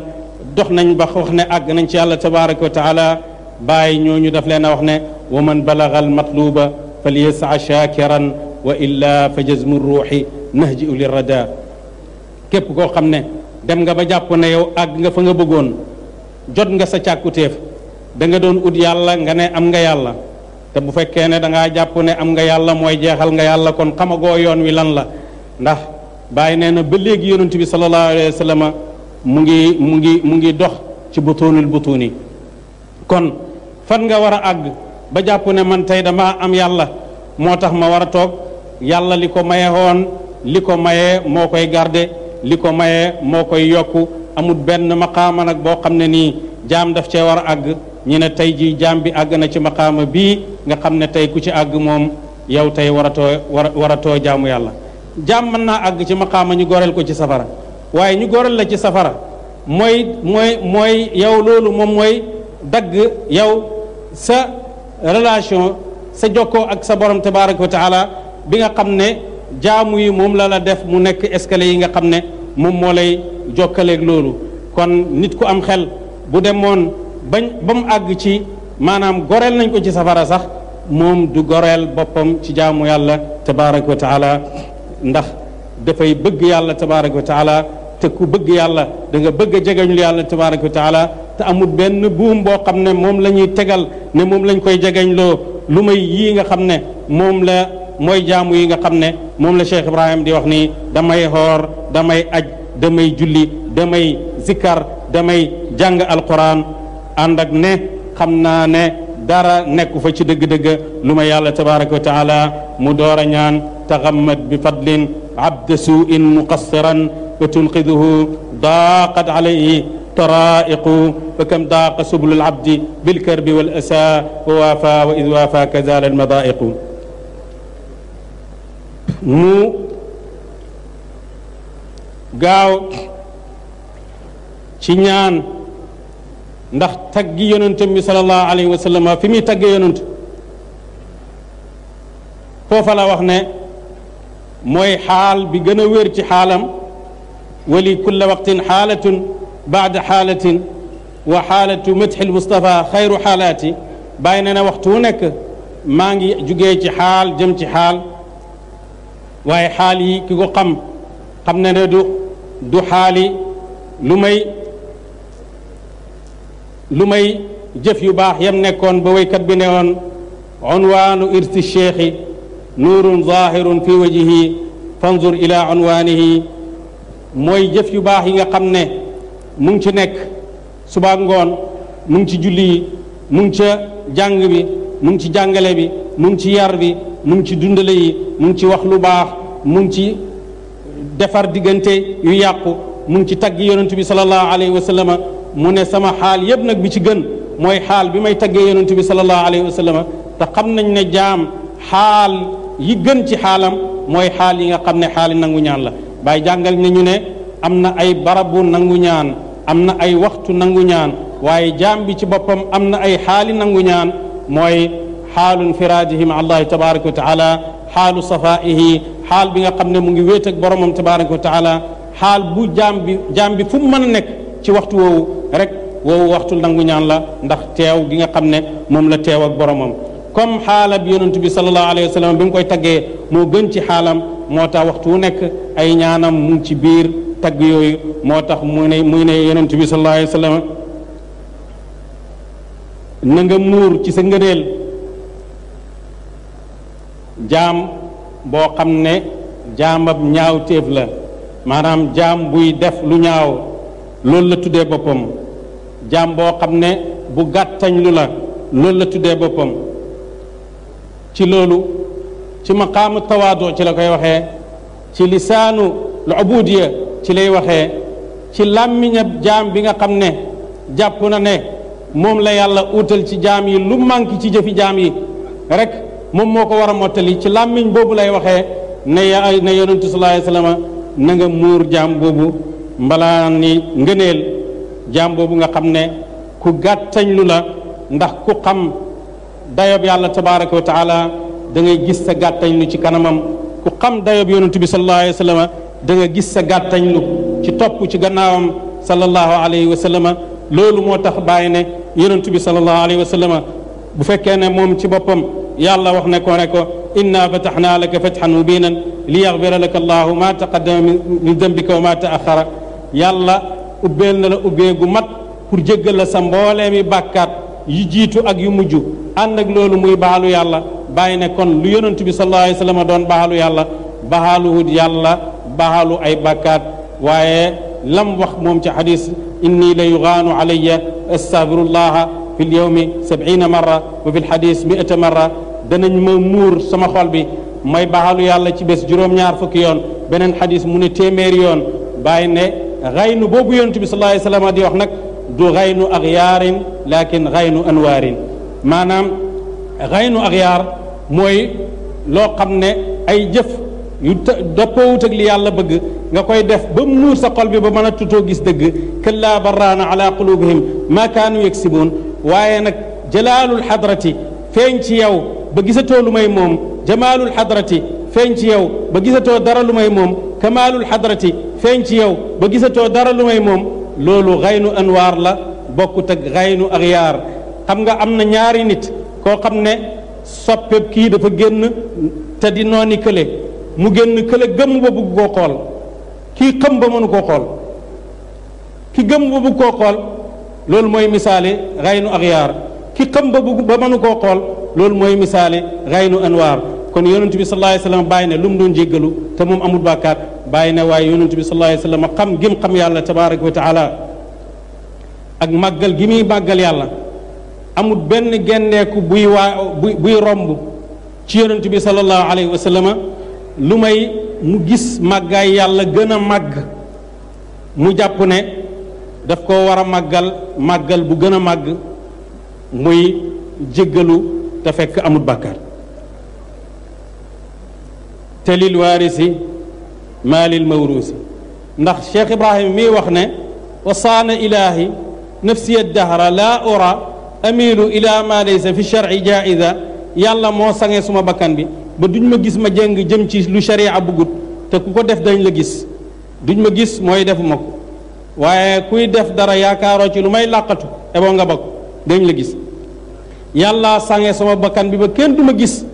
dox nañ ba wax ne àgg nañ ci yàlla tabaraka wa taala bàyyi ñooñu daf leen a wax ne wa man matluba falyasa shakiran wa illa fa jazmu ruuxi nahjiu lirrada képp koo xam ne dem nga ba jàpp ne yow àgg nga fa nga bëggoon jot nga sa càkkutéef danga doon ut yàlla nga ne am nga yàlla te bu fekkee ne da ngaa jàpp ne am nga yàlla mooy jeexal nga yàlla kon xamagoo yoon wi lan la ndax bàyyi nee na ba léegi yonent bi sallallahu alayhi wa mu ngi mu ngi mu ngi dox ci butuunul butuuni kon fan nga war a àgg ba jàpp ne man tey damaa am yàlla moo tax ma war a toog yàlla li ko maye woon li ko maye moo koy garde li ko maye moo koy yokku amut benn maqaama nag boo xam ne nii jaam daf cee war a àgg ñi ne tey jii jaam bi àgg na ci maqaama bii nga xam ne tey ku ci àgg moom yow tey waratoo war waratoo jaamu yàlla jaam mën naa àgg ci maqaama ñu goreel ko ci safara waaye ñu goreel la ci safara mooy mooy mooy yow loolu moom mooy dagg yow sa relation sa jokkoo ak sa borom tabaraka wa taala bi nga xam ne jaamu yi moom la la def mu nekk escalier yi nga xam ne moom moo lay jokkaleeg loolu kon nit ku am xel bu dem bañ ba mu àgg ci maanaam goreel nañ ko ci safara sax moom du goreel boppam ci jaamu yàlla tabaraka wa taala ndax dafay bëgg yàlla tabaraka wa taala te ku bëgg yàlla danga bëgg a jegeñul yàlla tabaraka wa taala te amul benn buum boo xam ne moom la ñuy tegal ne moom lañ koy jegeñloo lu may yii nga xam ne moom la moy jaamu yi nga xamne mom la Cheikh Ibrahim di wax ni damay hor damay aj damay julli damay zikar damay jàng alquran ànd ak ne xamna ne dara nekku fa ci deug deug luma yàlla tabaraka wa taala mu doora ñaan taghammad bi fadlin abd suin muqassiran wa tunqidhuhu daqat alayhi طرائق فكم ضاق سبل العبد بالكرب والأسى ووافى وإذ وافى كذال المضائق nu gaaw ci ñaan ndax taggi yonentam bi sallallahu alayhi wa fi muy tagge yonent foofa wax ne mooy xaal bi gën wér ci xaalam wali kulla waqtin xaalatun baada xaalatin wa xaalatu madxil Mustafa xayru xaalaati bàyyi na ne waxtu wu nekk maa ngi jugee ci xaal jëm ci xaal waaye xaal yi ki ko xam xam na ne du du xaali lu may lu may jëf yu baax yam nekkoon ba waykat bi ne woon unwaanu irsi cheikhi nuurun zahirun fi wajihi fanzur ila unwaanihi mooy jëf yu baax yi nga xam ne mu ngi ci nekk suba ngoon mu ngi ci julli yi mu ngi ca jàng bi mu ci jàngale bi mu ngi ci yar bi mu ci dundale yi mu ngi ci wax lu baax mu ngi ci defar diggante yu yàqu mu ngi ci tagg yonent bi salallahu alayhi wa sallama mu ne sama xaal yëpp nag bi ci gën mooy xaal bi may taggee yonent bi salallahu alayhi wa sallama te xam nañ ne jaam xaal yi gën ci xaalam mooy xaal yi nga xam ne xaali nangu ñaan la bàyyi jàngal ne ñu ne am na ay barabu nangu ñaan am na ay waxtu nangu ñaan waaye jaam bi ci boppam am na ay xaali nangu ñaan mooy xaalu infiraajihi ma allahi tabaraka wa taala xaalu safaihi xaal bi nga xam ne mu ngi wéet ak boromam tabaraka wa taala xaal bu jaam bi jaam bi fu mu mën a nekk ci waxtu woowu rek woowu waxtu nangu ñaan la ndax teew gi nga xam ne moom la teew ak boromam comme xaala bi yonentu bi salallahu alayhi wa sallam bi mu koy taggee moo gën ci xaalam moo tax waxtu wu nekk ay ñaanam mu ngi ci biir tagg yooyu moo tax muy ne muy ne yonentu bi salallahu alayhi wa sallam na nga muur ci sa ngëneel jaam boo xam ne jaamab ñaaw téef la maanaam jaam buy def lu ñaaw loolu la tuddee boppam jaam boo xam ne bu gàttañ lu la loolu la tuddee boppam ci loolu ci maqaamu tawaadu ci la koy waxee ci lisaanu lu ubudiya ci lay waxe ci làmmiñab jaam bi nga xam ne jàpp na ne moom la yàlla uutal ci jaam yi lu manque ci jëfi jaam yi rek moom moo ko war a mottali ci làmmiñ boobu lay waxee ne ay ne yonentu sallallahu alayhi na nga muur jaam boobu mbalaa ni ngëneel jaam boobu nga xam ne ku gàttañlu la ndax ku xam dayob yàlla tabaraka wa taala da ngay gis sa gàttañlu ci kanamam ku xam dayob yonentu bi sallallahu alayhi wasallam da nga gis sa gàttañlu ci topp ci gannaawam sallallahu alayhi wasallam loolu moo tax bàyyi ne yonentu bi sallallahu alayhi wasallam bu fekkee ne moom ci boppam yàlla wax ne ko ne ko inna fataxnaa laka fatxan mubinan li yaxbira laka allahu ma taqaddama min dambika wa ma taaxara yàlla ubbeel na la ubbee gu mat pour jéggal la sa mbooleemi bàkkaat yu jiitu ak yu mujj ànd ak loolu muy baalu yàlla bàyyi ne kon lu yonent bi sallallahu alayhi wa sallam doon baalu yàlla baaluwut yàlla baalu ay bàkkaat waaye lam wax moom ci xadis inni la yugaanu alayya astaghfirullaha fi l yawmi sabina marra wa fi l xadis miata marra danañ ma muur sama xol bi may baalu yàlla ci bés juróom-ñaar fukki yoon beneen xadis mu ne téeméeri yoon bàyyi ne xaynu boobu yonent bi sallallahu alayhi wasallam di wax nag du xaynu ak yaarin laakin xaynu anwaarin maanaam xaynu ak yaar mooy loo xam ne ay jëf yu dëppoowut ak li yàlla bëgg nga koy def ba muur sa xol bi ba mën a tutoo gis dëgg këllaa barraana ala qulubihim ma kaanu yaksibuun waaye nag jalaalul xadrati feeñ ci yow ba gisatoo lu may moom jamaalul xadrati feeñ ci yow ba gisatoo dara lu may moom kamaalul xadrati feeñ ci yow ba gisatoo dara lu may moom loolu xaynu anwaar la bokkut ak xaynu axyaar xam nga am na ñaari nit koo xam ne soppeb kii dafa génn te di nooni kële mu génn kële gëmm ba bugg koo xool kii xëm ba mënu koo xool ki gëmm ba bugg koo xool loolu mooy misaale xaynu axyaar ki xam ba bugg ba mënu koo xool loolu mooy misaale raynu anwaar kon yonent bi sallallahu alayhi bàyyi ne lu mu doon jéggalu te moom amul bàkkaat bàyyi ne waaye yonent bi sallallahu alayhi wasallam xam gim xam yàlla tabaraka wa taala ak màggal gi muy màggal yàlla amul benn genneeku buy waa buy buy romb ci yonent bi sallallahu alayhi lu may mu gis màggaay yàlla gën a màgg mu jàpp ne daf ko war a màggal màggal bu gën a màgg muy jéggalu te fekk amul bàkkaar te lil waarisi maa mawruusi ndax cheikh ibrahima mii wax ne wa saana ilahi nafsiya dahra laa ora amilu ila ma fi sharci jaaiza yàlla moo sange suma bakkan bi ba duñ ma gis ma jëng jëm ci lu sharia buggut te ku ko def dañ la gis duñ ma gis mooy defuma ko waaye kuy def dara yaakaaroo ci lu may làqatu eboo nga bakk dañ la gis yàlla sànge sama bakkan bi ba kenn du gis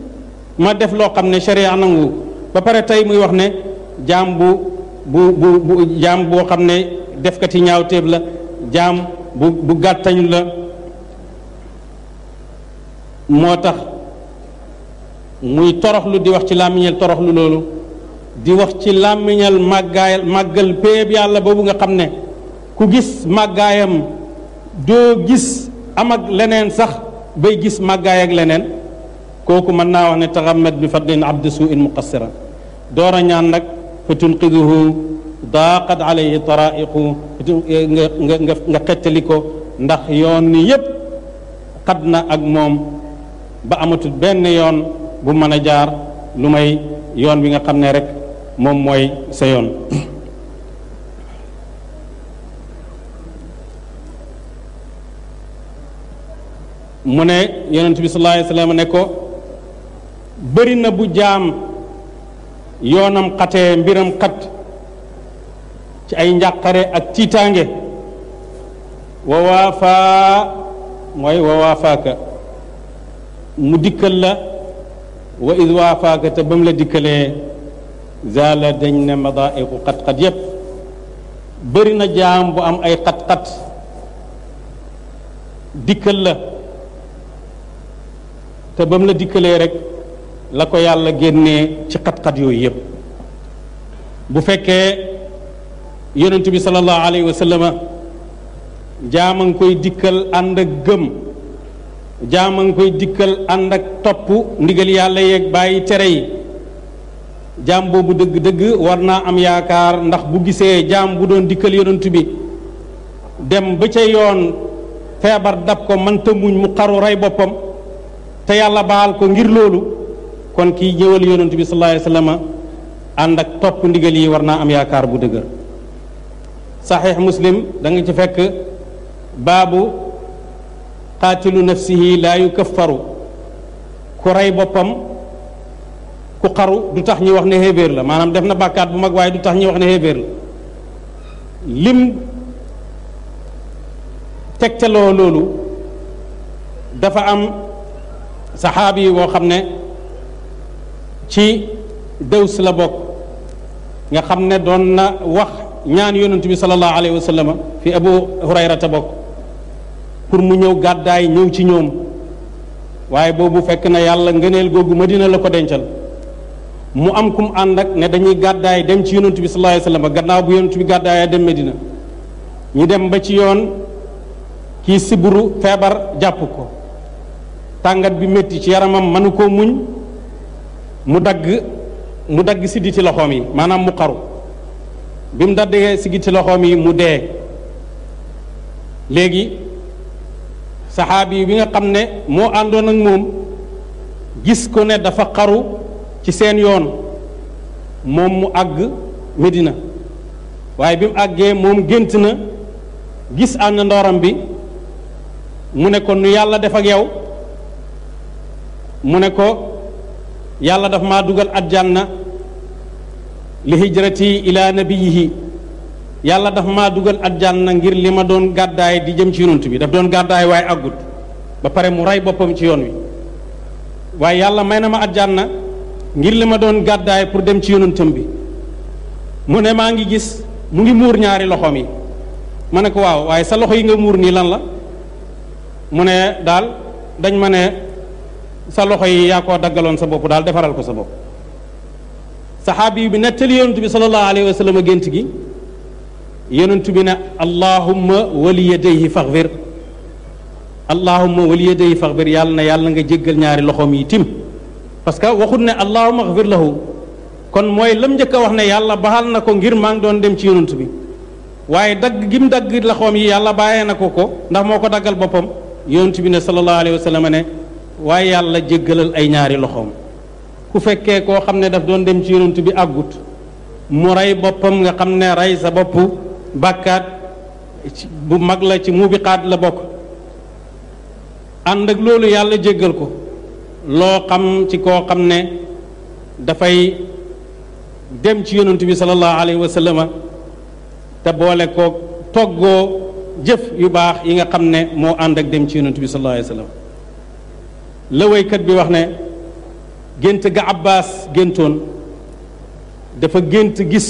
ma def loo xam ne sharia nangu ba pare tey muy wax ne jaam bu bu bu jaam boo xam ne def defkati ci téeb la jaam bu bu gàttañ la moo tax muy toroxlu di wax ci làmmiñal toroxlu loolu di wax ci làmmiñal màggaayal màggal péeb yàlla boobu nga xam ne ku gis màggaayam doo gis am leneen sax bay gis màggaay ak leneen kooku mën naa wax ne taxamet bi fadlin abdi suin muqassira door a ñaan nag fa tunqiduhu daaqat alayhi taraiqu nga nga nga ndax yoon ni yépp xat na ak moom ba amatul benn yoon bu mën a jaar lu may yoon bi nga xam ne rek moom mooy sa yoon mu ne yonent bi sallallahu alayhi wasallam ne ko bëri na bu jaam yoonam xatee mbiram xat ci ay njàqare ak tiitaange wa waafaa mooy wa waafaaka mu dikkal la wa id waafaaka te ba la dikkalee zaala dañ ne madaiqu xat-xat yépp bëri na jaam bu am ay xat-xat dikkal la te ba mu la dikkalee rek la ko yàlla génnee ci xat-xat yooyu yépp bu fekkee yonent bi sallallahu alayhi wa sallama jaama nga koy dikkal ànd ak gëm jaama nga koy dikkal ànd ak topp ndigal yàlla yeeg bàyyi tere yi jaam boobu dëgg-dëgg war naa am yaakaar ndax bu gisee jaam bu doon dikkal yonent bi dem ba ca yoon feebar dab ko mënta muñ mu xaru rey boppam te yàlla baal ko ngir loolu kon kii ñëwal yonent bi sallallahu ànd ak topp ndigal yi war naa am yaakaar bu dëgër saxiix muslim da ci fekk baabu qaatilu nafsihi laa yukaffaru ku rey boppam ku xaru du tax ñi wax ne héebéer la maanaam def na bàkkaat bu mag waaye du tax ñi wax ne héebéer la lim tegtaloo loolu dafa am saxaabi yi boo xam ne ci dews la bokk nga xam ne doon na wax ñaan yonent bi salallahu alayhi wa sallam fi abu hurayrata bokk pour mu ñëw gàddaay ñëw ci ñoom waaye boobu fekk na yàlla ngëneel googu madina la ko dencal mu am kum ànd ak ne dañuy gàddaay dem ci yonent bi salallahu alayhi wa sallam gannaaw bu yonent bi gàddaay dem madina ñu dem ba ci yoon kii siburu feebar jàpp ko tàngat bi metti ci yaramam mënu koo muñ mu dagg mu dagg sidditi loxoom yi maanaam mu xaru bi mu daggee sidditi loxoom yi mu dee léegi saxaabi bi nga xam ne moo àndoon ak moom gis ko ne dafa xaru ci seen yoon moom mu àgg Medina waaye bi mu àggee moom gént na gis ànd ndooram bi mu ne ko nu yàlla def yow mu ne ko yàlla daf ma dugal at àjjana li hijrati bi nabiyihi yàlla daf maa dugal àjjana ngir li ma doon gàddaay di jëm ci yonent bi daf doon gàddaay waaye àggut ba pare mu rey boppam ci yoon wi waaye yàlla may na ma jànn na ngir li ma doon gàddaay pour dem ci yonentam bi mu ne maa ngi gis mu ngi muur ñaari loxo yi mu ne ko waaw waaye sa loxo yi nga muur nii lan la mu ne daal dañ ma ne sa loxo yi yaa koo daggaloon sa bopp daal defaral ko sa bopp saxaabi bi nettali yonent bi sallallahu alayhi wa sallam gént gi yonent bi ne allahumma waliyadayhi faxfir allahumma waliyadayhi faxfir yàlla na yàlla nga jéggal ñaari loxoom yi tim parce que waxut ne allahumma xfir lahu kon mooy lam njëkk a wax ne yàlla baxal na ko ngir maa ngi doon dem ci yonent bi waaye dagg gi mu dagg loxoom yi yàlla bàyyee na ko ko ndax moo ko daggal boppam yonent bi ne sallallahu alayhi wa sallam ne waaye yàlla jéggalal ay ñaari loxoom ku fekkee koo xam ne daf doon dem ci yonent bi àggut mu rey boppam nga xam ne rey sa bopp bàkkaat bu mag la ci mubiqaat la bokk ànd ak loolu yàlla jéggal ko loo xam ci koo xam ne dafay dem ci yonent bi sallallahu alayhi wa sallama te boole koo toggoo jëf yu baax yi nga xam ne moo ànd ak dem ci yonent bi sallallahu alayhi wa لوي كات بي واخني گنت گ عباس گنتون جس گنت گيس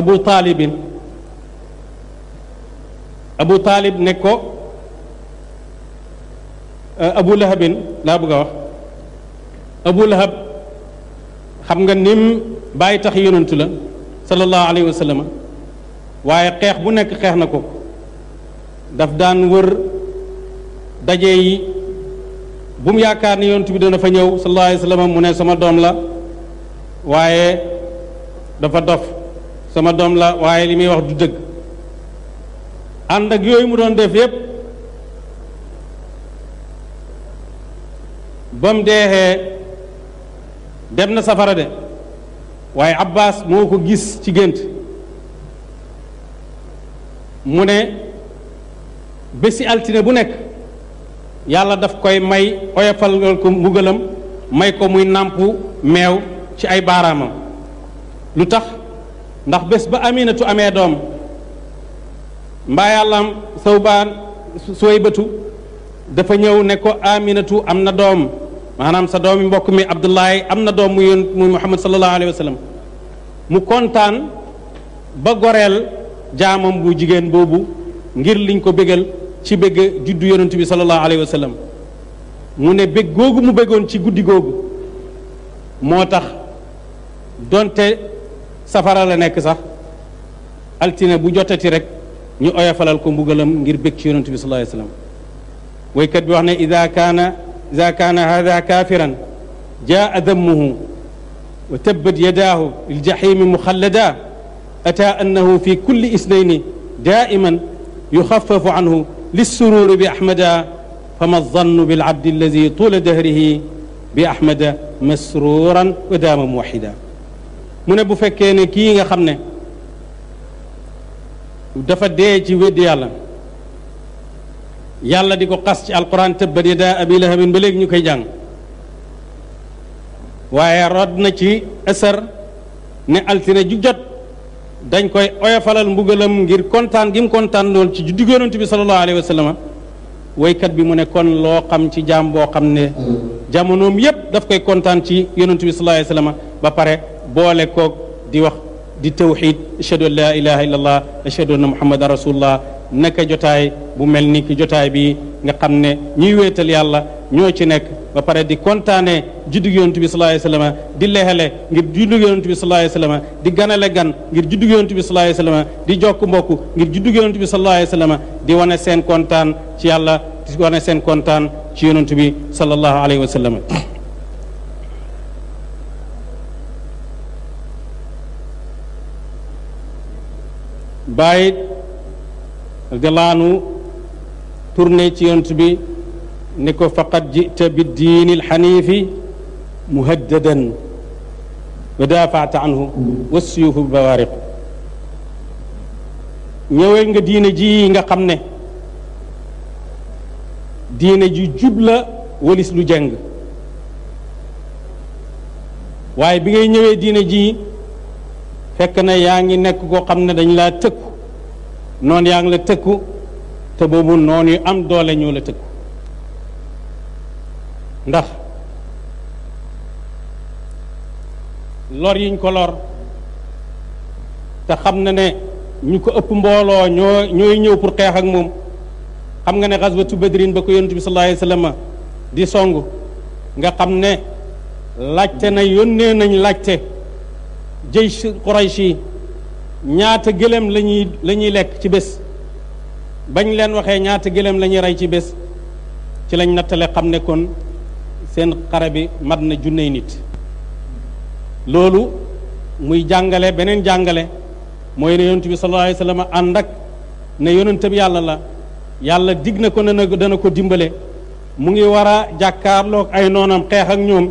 ابو طالب ابو طالب نكو ابو لهب لا بغا واخ ابو لهب خمغا نيم باي تخ يونتلا صلى الله عليه وسلم waye xex bu nek xex na ko daf daan wër dajé yi bu mu yaakaar ni yoon bi dana fa ñëw sallallahu alayhi wa sallam mu ne sama doom la waaye dafa dof sama doom la waaye li muy wax du dëgg ànd ak yooyu mu doon def yépp ba mu deexee dem na safara de waaye Abbas moo ko gis ci gént mu ne bés ci altine bu nekk yàlla daf koy may oyofal ko mbugalam may ko muy nàmpu meew ci ay baaraamam lu tax ndax bés ba aminatu amee doom mbaa yàllaam sawbaan suwaybatu dafa ñëw ne ko aminatu am na doom maanaam sa doomi mbokk mi abdullahi am na doom mu yón muy muhammad sallallahu alayhi mu kontaan ba goreel jaamam bu jigéen boobu ngir liñ ko bégal ci bëgg juddu yonent bi sallallahu alayhi wa sallam mu ne bëgg googu mu bëggoon ci guddi googu moo tax donte safara la nekk sax altine bu jotati rek ñu oyofalal ko mbugalam ngir bëgg ci yonent bi sallallahu alayhi wa sallam kat bi wax ne ida kaana ida kaana hada kafiran jaa damuhu wa tabbat yadaahu jahim mukhallada ata annahu fi kulli isnayni daiman yukhaffafu anhu للسرور بأحمد فما الظن بالعبد الذي طول دهره بأحمد مسرورا وداما موحدا mu ne bu fekkee ne kii nga xam ne dafa dee ci wéddi yàlla yàlla di ko xas ci alquran tabbat yadaa abi lahabin ba léegi ñu koy jàng waaye rod na ci asar ne altine ju jot dañ koy oyofalal mbugalam ngir kontaan gi kontaan lool ci juddu yonent bi sallallahu alayhi wa sallam waykat bi mu ne kon loo xam ci jaam boo xam ne jamonoom yépp daf koy kontaan ci yonent bi sallallahu alayhi wa sallam ba pare boole koog di wax di tawxid ashhadu an la ilaha illa allah ashhadu anna muhammadan rasulullah naka jotaay bu mel ni ki jotaay bi nga xam ne ñuy wéetal yàlla ñoo ci nekk ba pare di kontaane juddug yonent bi sallallahu alayhi di lexale ngir juddug yonent di ganale gan ngir juddug yonent bi sallallahu di jokk mbokk ngir juddug yonent bi sallallahu alayhi di wane seen kontaan ci yàlla di wane seen kontaan ci yonent bi sallallahu alayhi wasallam bàyyi radiallahu anhu ci yonent bi نكو فقد جئت بالدين الحنيف مهددا ودافعت عنه والسيوف بوارق نيوي nga دين جي nga xamne دين جي جبلا ولس لو جنگ واي بيغي نيوي دين جي فك نا ياغي نيك كو خامنا دنج لا تكو نون ياغ لا تكو تبوبو نوني ام دوله نيو لا تكو ndax lor yiñ ko lor te xam na ne ñu ko ëpp mbooloo ñoo ñooy ñëw pour xeex ak moom xam nga ne xaswatu badrin ba ko yonent bi sallallahu alayhi wasallam di song nga xam ne laajte na yónnee nañ laajte jëysh Quraysh yi ñaata gëléem lañuy ñuy lekk ci bés bañ leen waxee ñaata gëléem lañuy rey ci bés ci lañ nattale xam ne kon seen xare bi mat na junney nit loolu muy jàngale beneen jàngale mooy ne yonent bi sallallahu alayhi wa ànd ak ne yonentam yàlla la yàlla digg na ko ne dana ko dimbale mu ngi war a jàkkaarloog ay noonam xeex ak ñoom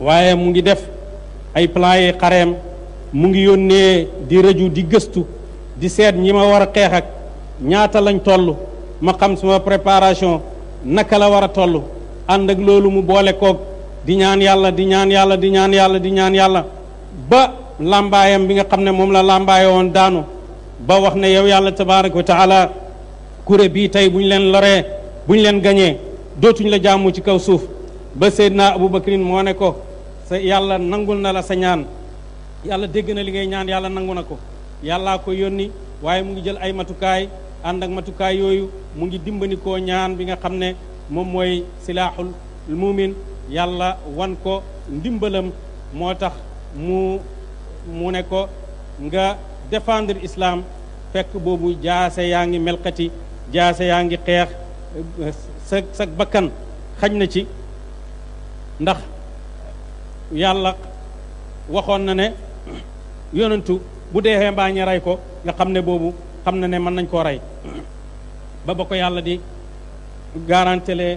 waaye mu ngi def ay plan yi xareem mu ngi yónnee di rëju di gëstu di seet ñi ma war a xeex ak ñaata lañ toll ma xam suma préparation naka la war a tollu ànd ak loolu mu boole koog di ñaan yàlla di ñaan yàlla di ñaan yàlla di ñaan yàlla ba làmbaayam bi nga xam ne moom la làmbaayo woon daanu ba wax ne yow yàlla tabaraka wa taala kuré bii tey bu ñu leen loree bu ñu leen gañee dootuñ la jàmm ci kaw suuf ba naa Seydina Aboubacrine moo ne ko sa yàlla nangul na la sa ñaan yàlla dégg na li ngay ñaan yàlla nangu na ko yàllaa ko yónni waaye mu ngi jël ay matukaay ànd ak matukaay yooyu mu ngi dimbali ko ñaan bi nga xam ne moom mooy silaaxul muumin yàlla wan ko ndimbalam moo tax mu mu ne ko nga défendre islaam fekk boobu jaase yaa ngi melxati jaase yaa ngi xeex sa sa bakkan xaj na ci ndax yàlla waxoon na ne yonentu bu deexee mbaa ñi rey ko nga xam ne boobu xam na ne mën nañ koo rey ba ba ko yàlla di garantelee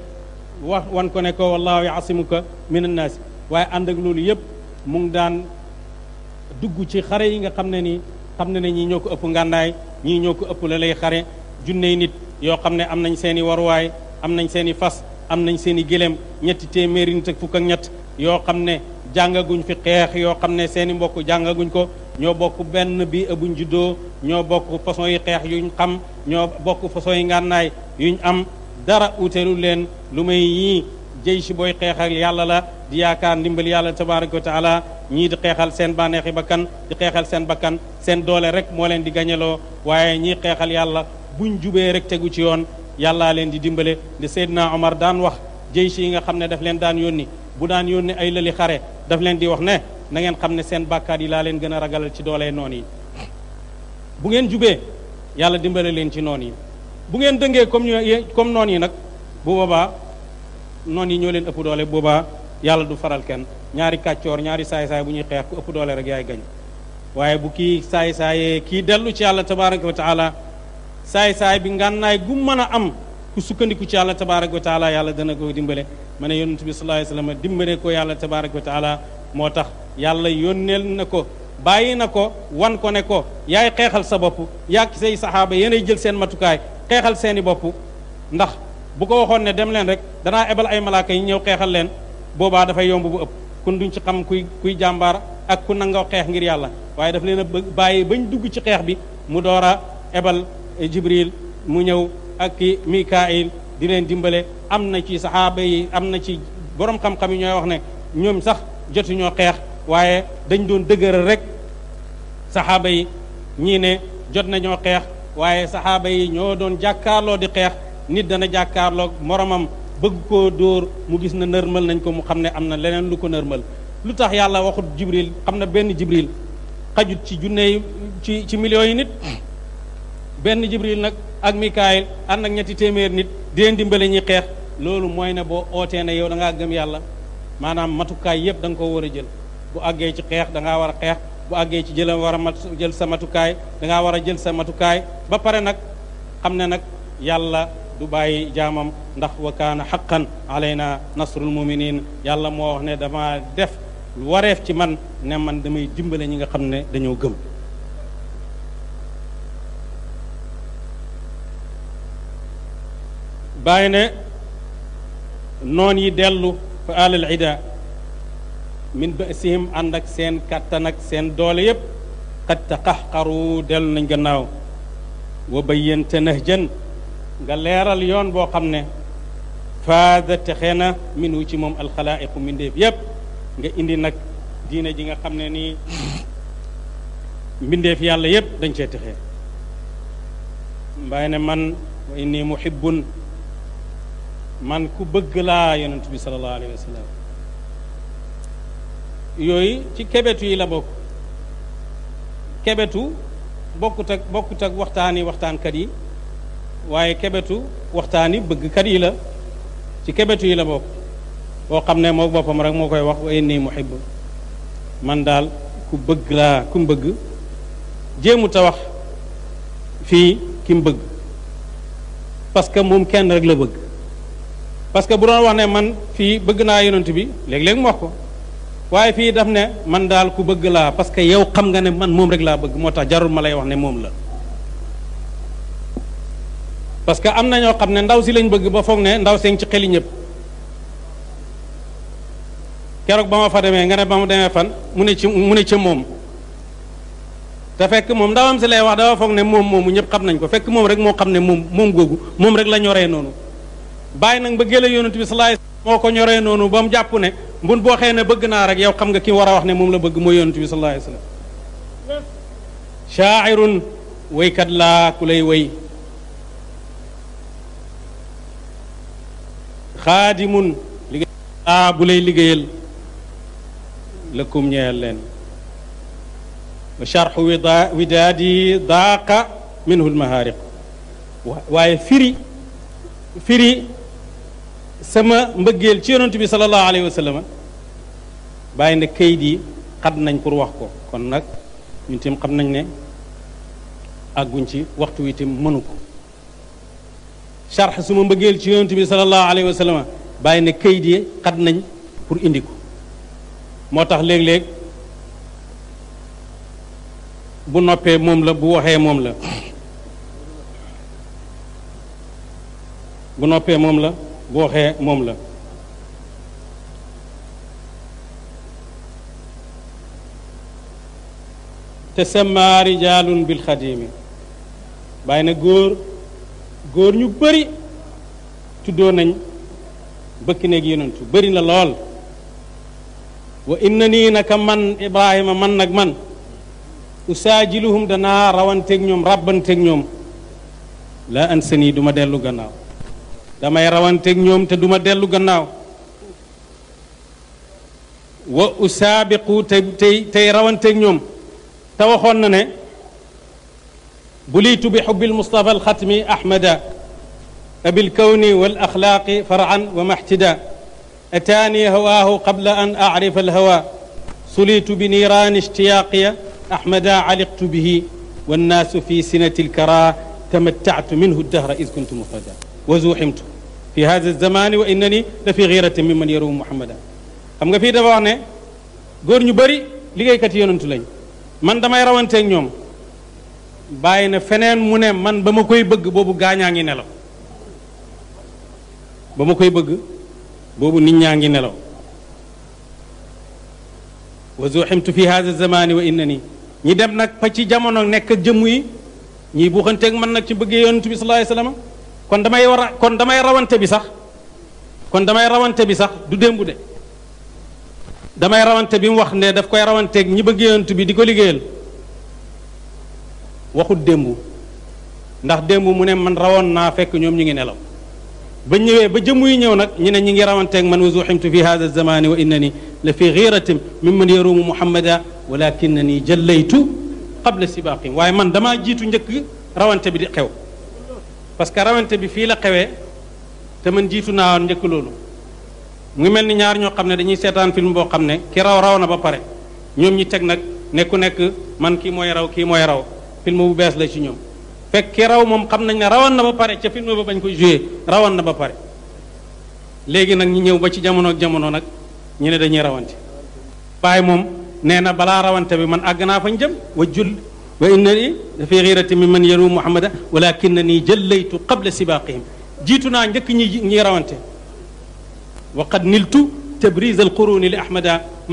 wax wan ko ne ko wallaahu yaasimuka min annaasi waaye ànd ak loolu yëpp mu daan dugg ci xare yi nga xam ne ni xam ne ne ñi ñoo ko ëpp ngànnaay ñii ñoo ko ëpp la lay xare junney nit yoo xam ne am nañ seen i waruwaay am nañ seen i fas am nañ seen i gëléem ñetti téeméeri nit ak fukk ñett yoo xam ne jàngaguñ fi xeex yoo xam ne seeni mbokk jàngaguñ ko ñoo bokk benn bi buñ juddoo ñoo bokk façon yi xeex yuñ xam ñoo bokk façon ngànnaay yuñ dara uuteelu leen lu may yii jëy si booy xeexal yàlla la di yaakaar ndimbal yàlla tabaraka wa taala ñii di xeexal seen bànneexi bakkan di xeexal seen bakkan seen doole rek moo leen di gañeloo waaye ñii xeexal yàlla buñ jubee rek tegu ci yoon yàllaa leen di dimbale li naa Omar daan wax jëy si yi nga xam ne daf leen daan yónni bu daan yónni ay lëli xare daf leen di wax ne na ngeen xam ne seen bàkkaat yi laa leen gën a ragaleel ci doole noon yi bu ngeen jubee yàlla dimbale leen ci noon yi bu ngeen dëngee comme ñu comme noon yi nag bu boobaa noon yi ñoo leen ëpp doole boobaa yàlla du faral kenn ñaari kàccoor ñaari saay-saay bu ñuy xeex ku ëpp doole rek yaay gañ waaye bu kii saay-saayee kii dellu ci yàlla tabaraka wa taala saay-saay bi ngànnaay gu mën a am ku sukkandiku ci yàlla tabaraka wa taala yàlla dana ko dimbale ma ne yonent bi sallallahu alayhi wasallam dimbale ko yàlla tabaraka wa taala moo tax yàlla yónneel na ko bàyyi na ko wan ko ne ko yaay xeexal sa bopp yaa ki say saxaaba yéenay jël seen matukaay xeexal seeni bopp ndax bu ko waxoon ne dem leen rek danaa ebal ay malaaka yi ñëw xeexal leen boobaa dafay yomb bu ëpp kun duñ ci xam kuy kuy jàmbaar ak ku nangoo xeex ngir yàlla waaye daf leen a bëgg bàyyi bañ dugg ci xeex bi mu door a ebal eh, jibril mu ñëw ak ki mikaayil di leen dimbale am na ci saxaaba yi am na ci borom xam-xam yi ñooy wax ne ñoom sax jotuñoo xeex waaye dañ doon dëgëral rek saxaaba yi ñii ne jot nañoo xeex waaye saxaaba yi ñoo doon jàkkaarloo di xeex nit dana jàkkaarloo moromam bëgg koo dóor mu gis na nërmal nañ ko mu xam ne am na leneen lu ko nërmal lu tax yàlla waxut jibril xam na benn jibril xajut ci junne yi ci ci millions yi nit benn jibril nag ak mikaayil ànd ak ñetti téeméer nit di leen dimbale ñuy xeex loolu mooy ne boo ootee ne yow danga gëm yàlla maanaam matukaay yépp danga ko war a jël bu àggee ci xeex da ngaa war a xeex bu àggee ci jël war jël sa matukaay da war a jël sa matukaay ba pare nag xam ne nag yàlla du bàyyi jaamam ndax wa kaana xaqan alayna nasrul muminin yàlla moo wax ne dama def lu wareef ci man ne man damay dimbale ñi nga xam ne dañoo gëm bàyyi ne noon yi dellu fa alal ida min ba'sihim ànd ak sen katan ak sen doole yeb qad taqahqaru del nañ gannaaw wa bayyanta nahjan nga leral yoon bo xamne ne faada texe min wu ci khalaiq min def yeb nga indi nak diine ji nga xamne ni min mbindeef yàlla yépp dañ ci taxé mbayne man inni muhibbun man ku bëgg la yonent bi sallallahu alaihi wasallam yooyu ci kebetu yi la bokk kebetu bokkut ak bokkut ak waxtaani waxtaankat yi waaye kebetu waxtaani bëggkat yi la ci kebetu yi la bokk boo xam ne moo boppam rek moo koy wax wa inni muhib man daal ku bëgg la ku mbëgg jéemu a wax fii ki mu bëgg parce que moom kenn rek la bëgg parce que bu doon wax ne man fii bëgg naa yonent bi léeg-léeg mu wax ko waaye fii daf ne man daal ku bëgg laa parce que yow xam nga ne man moom rek laa bëgg moo tax jarul ma lay wax ne moom la parce que am na ñoo xam ne ndaw si lañ bëgg ba foog ne ndaw seen ci xeli ñëpp keroog ba ma fa nga ne demee fan mu ne ci mu ne ci moom te fekk moom ndawam si lay wax dafa foog ne moom moomu ñëpp xam nañ ko fekk moom rek moo xam ne moom moom googu moom rek la ñoree noonu bàyyi nag bëggee la yonent bi salaay moo ko ñoree noonu ba mu jàpp ne mbun boo xëy ne bëgg naa rek yow xam nga ki war a wax ne moom la bëgg mooy yonent bi sallallahu alayhi wa laa ku lay way xaadimun laa bu lay liggéeyal lëkkum ñeel leen wa charxu widaadi daaqa minhu lmahaariq waaye firi sama mbëggeel ci yonent bi sallallahu alayhi wa bàyyi ne kayit yi xat nañ pour wax ko kon nag ñun tim xam nañ ne àgguñ ci waxtu wi mënu ko sharx suma mbëggeel ci yonent bi sallallahu alayhi wa sallam bàyyi ne kayit yi xat nañ pour indi ko moo tax léeg-léeg bu noppee moom la bu waxee moom la bu noppee moom la boo waxee moom la te sama rijaalun bil xadimi bàyyi na góor góor ñu bëri tuddoo nañ bëkk néeg yonentu bëri na lool wa inna nii naka man ibrahima man nag man usaajiluhum danaa rawanteeg ñoom rabbanteeg ñoom laa ansani duma dellu gannaaw damay rawanteeg ñoom te duma dellu gannaaw wa usaabiqu te tey tey rawanteeg ñoom te waxoon na ne buliitu bi xubbi almustafa alxatmi ahmada بالكون والأخلاق فرعا ومحتدا أتاني هواه قبل أن أعرف الهوى صليت بنيران اشتياقي أحمدا علقت به والناس في سنة الكراه تمتعت منه الدهر إذ كنت مفردا وزوحمت في هذا الزمان وانني لفي غيره ممن يروم محمدا خمغا في دابا واخني غور ني بري ليغي كات يونت لاني مان داماي راونتي نيوم باينا فنان مونيم مان بما كوي بوغ بوبو غاناغي نلو بما كوي بوغ بوبو نيت نياغي نلو وزوحمت في هذا الزمان وانني ني دم نك با سي جامونو نيك جيموي ني بوخنتك مان نك سي بوغي يونت بي صلى الله عليه وسلم kon damay war a kon damay rawante bi sax kon damay rawante bi sax du démb de damay rawante bi mu wax ne daf koy rawanteeg ñi bëgg yonent bi di ko liggéeyal waxut démb ndax démb mu ne man rawoon naa fekk ñoom ñu ngi nelaw ba ñëwee ba jëmm yi ñëw nag ñu ne ñu ngi rawanteeg man wa zuximtu fi hada zamani wa innani la fi xiiratin mimman yarumu muhammada walakinani jallaytu qabla sibaaqim waaye man damaa jiitu njëkk rawante bi di xew parce que rawante bi fii la xewee te man jiitu naa woon njëkk loolu mu mel ni ñaar ñoo xam ne dañuy seetaan film boo xam ne ki raw raw na ba pare ñoom ñi teg nag ne ku nekk man kii mooy raw kii mooy raw film bu bees la ci ñoom fekk ki raw moom xam nañ ne rawan na ba pare ca film ba bañ koy joué rawan na ba pare léegi nag ñu ñëw ba ci jamono ak jamono nag ñu ne dañuy rawante. Baay moom nee na balaa rawante bi man àgg naa fañ jëm wa jul وإنني في غيرة ممن يروم محمدا ولكنني جليت قبل سباقهم جيتنا نجك ني راونتي وقد نلت تبريز القرون لأحمد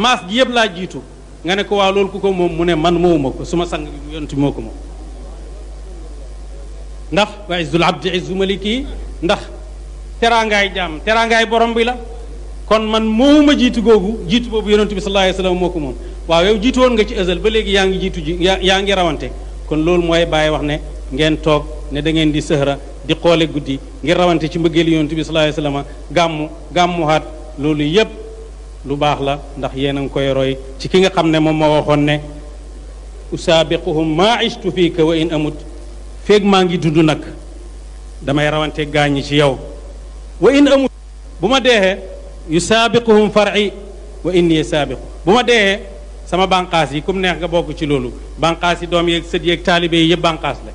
ماس جيب لا جيتو nga ne ko waa loolu ku ko moom mu ne man moowuma ko suma sang yonti moo ko moom ndax wa izzul abdi izzu maliki ndax teraangaay jaam teraangaay borom bi la kon man moowuma jiitu googu jiitu boobu yonente bi sallallahu alayhi wa sallam moo ko moom waaw yow jiitu woon nga ci ësal ba léegi yaa ngi jiitu ji yaa ngi rawante kon loolu mooy bàyyi wax ne ngeen toog ne da ngeen di sëhra di xoole guddi ngir rawante ci mbëggeelu yonent bi sallallahu alayhi wasallam gàmmu gàmmuwaat loolu yépp lu baax la ndax yéen a ngi koy roy ci ki nga xam ne moom moo waxoon ne usaabiquhum maa ishtu fiika wa in amut feeg maa ngi dund nag damay rawante gaañi ci yow wa in amut bu ma deexee yusaabiquhum far'i wa inni saabiqu bu ma deexee sama bànqaas yi kum neex nga bokk ci loolu bànqaas yi doom yeeg sët yeeg taalibe yi yëpp bànqaas la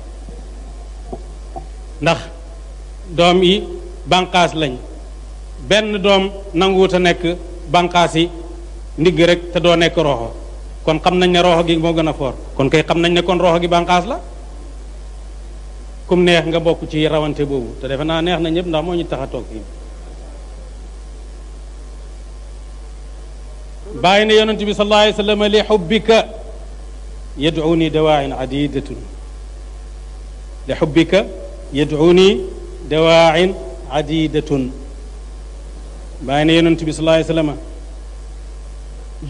ndax doom yi banqaas lañ benn doom nanguwut a nekk banqaas yi ndigg rek te doo nekk roxo kon xam nañ ne roxo gi moo gën a foor kon kay xam nañ ne kon roxo gi bànqaas la kum neex nga bokk ci rawante boobu te defe naa neex na ñëpp ndax moo ñu tax a toog fii bàyyi ne yonent bi sallallahu alayhi wa sallam li xubbika yadcuuni dawaacin cadidatun li xubbika yadcuuni dawaacin cadidatun bàyyi ne yonent bi sallallahu alayhi wa sallam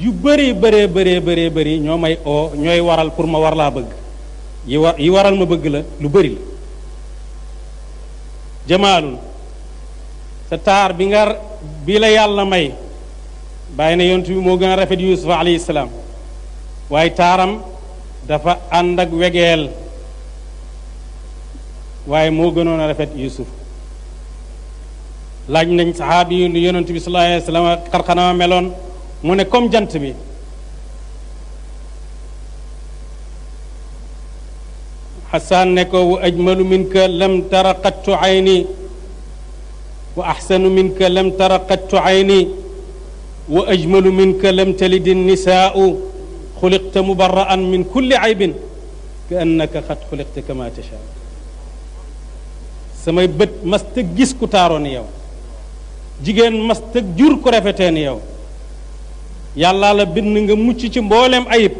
yu bëree bëree bëree bëree bëri ñoo may oo ñooy waral pour ma war laa bëgg yi wa yi waral ma bëgg la lu bëri la jamaalun sa taar bi nga bi la yàlla may bàyyi ne yontu bi moo gën a rafet yuusufa alayhi salaam waaye taaram dafa ànd ak wegeel waaye moo gënoon rafet yusuf laaj nañ saxaabi yu ni yonent bi sallallahu alayhi wa sallam xarxanama meloon mu ne comme jant bi xasaan ne ko wa ajmalu minka lam tara qattu ayni wa axsanu minka lam tara qattu ayni وأجمل منك لم تلد النساء خلقت مبرأ من كل عيب كأنك قد خلقت كما تشاء samay bët mas ta gis ku taaroo ni yow jigéen mas ta jur ku rafetee ni yow yàllaa la bind nga mucc ci mbooleem ayib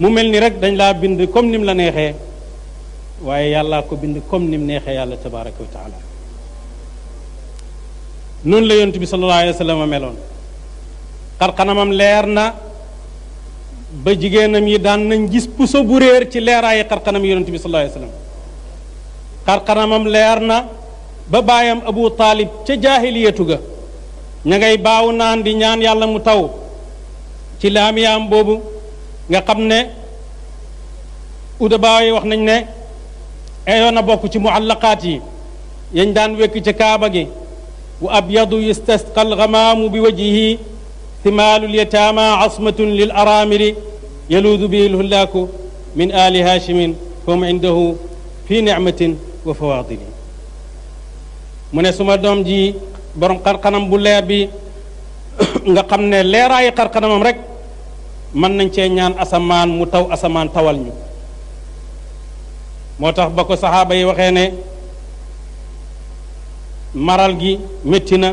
mu mel ni rek dañ laa bind comme nim la neexee waaye yàllaa ko bind comme nim neexee yàlla tabaraka wa taala noonu la yontu bi sallallahu alayhi wa sallam meloon xar leer na ba jigéenam yi daan nañ gis puso bu réer ci leeraayi xar xanam yonent bi sallallahu alayhi wasallam xar leer na ba baayam abu taalib ca jaahiliyatu ga ña ngay baawu naan di ñaan yàlla mu taw ci laamiyaam boobu nga xam ne udabaa yi wax nañ ne eyoon bokk ci muallaqaat yi yañ daan wekk ca kaaba gi wa abyadu yastasqal gamaamu bi wajihi ثمال اليتامى عصمة للأرامل يلوذ به الهلاك من آل هاشم هم عنده في نعمة وفواضل mu ne suma doom ji borom xarxanam bu leer bi nga xam ne leeraayi xarxanamam rek mën nañ cee ñaan asamaan mu taw asamaan tawal ñu moo tax ba ko saxaaba yi waxee ne maral gi métti na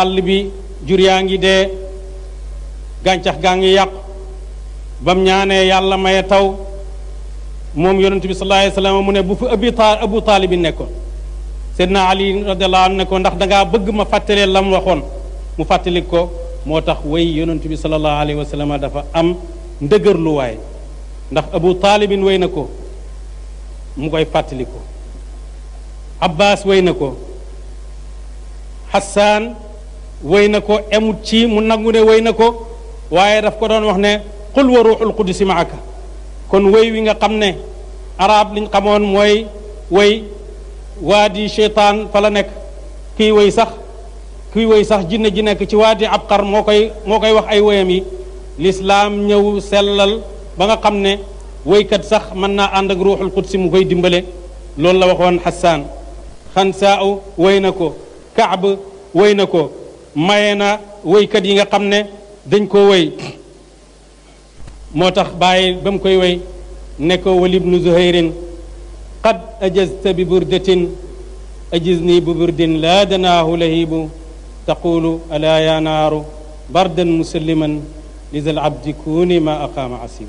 àll bi jur yaa ngi dee gàncax gaa ngi yàqu bam ñaanee yàlla maye taw moom yonent bi sallallahu mu ne bu fi abi taal abu taalib bi nekkoon seydna ali radiyallahu anhu ne ko ndax dangaa bëgg ma fàttalee lam waxoon mu fàttali ko moo tax way yonent bi sallallahu alayhi wasallam dafa am ndëgërluwaay ndax abu taalibin way na ko mu koy fàttali ko abbas way na ko xasaan wéy na ko emut ci mu nangu ne wéy na ko waaye daf ko doon wax ne qul wa ruuxul qudsi maaka kon wéy wi nga xam ne arab liñ xamoon mooy wéy waadi cheytaan fa la nekk kii wéy sax kii wéy sax jinna ji nekk ci waadi abqar moo koy moo koy wax ay wéyam yi lislaam ñëw sellal ba nga xam ne wéykat sax mën na ànd ak ruuxul qudsi mu koy dimbale loolu la waxoon xassaan xansaaw wéy na ko kaab wéy na ko mayena way kat yi nga xamne dañ ko way motax baye bam koy way ne ko walibnu zuhayrin qad ajazta bi burdatin ajizni bi burdin la danahu lahib تقول الا يا نار bardan مسلما لذا العبد abdi ما اقام عسيم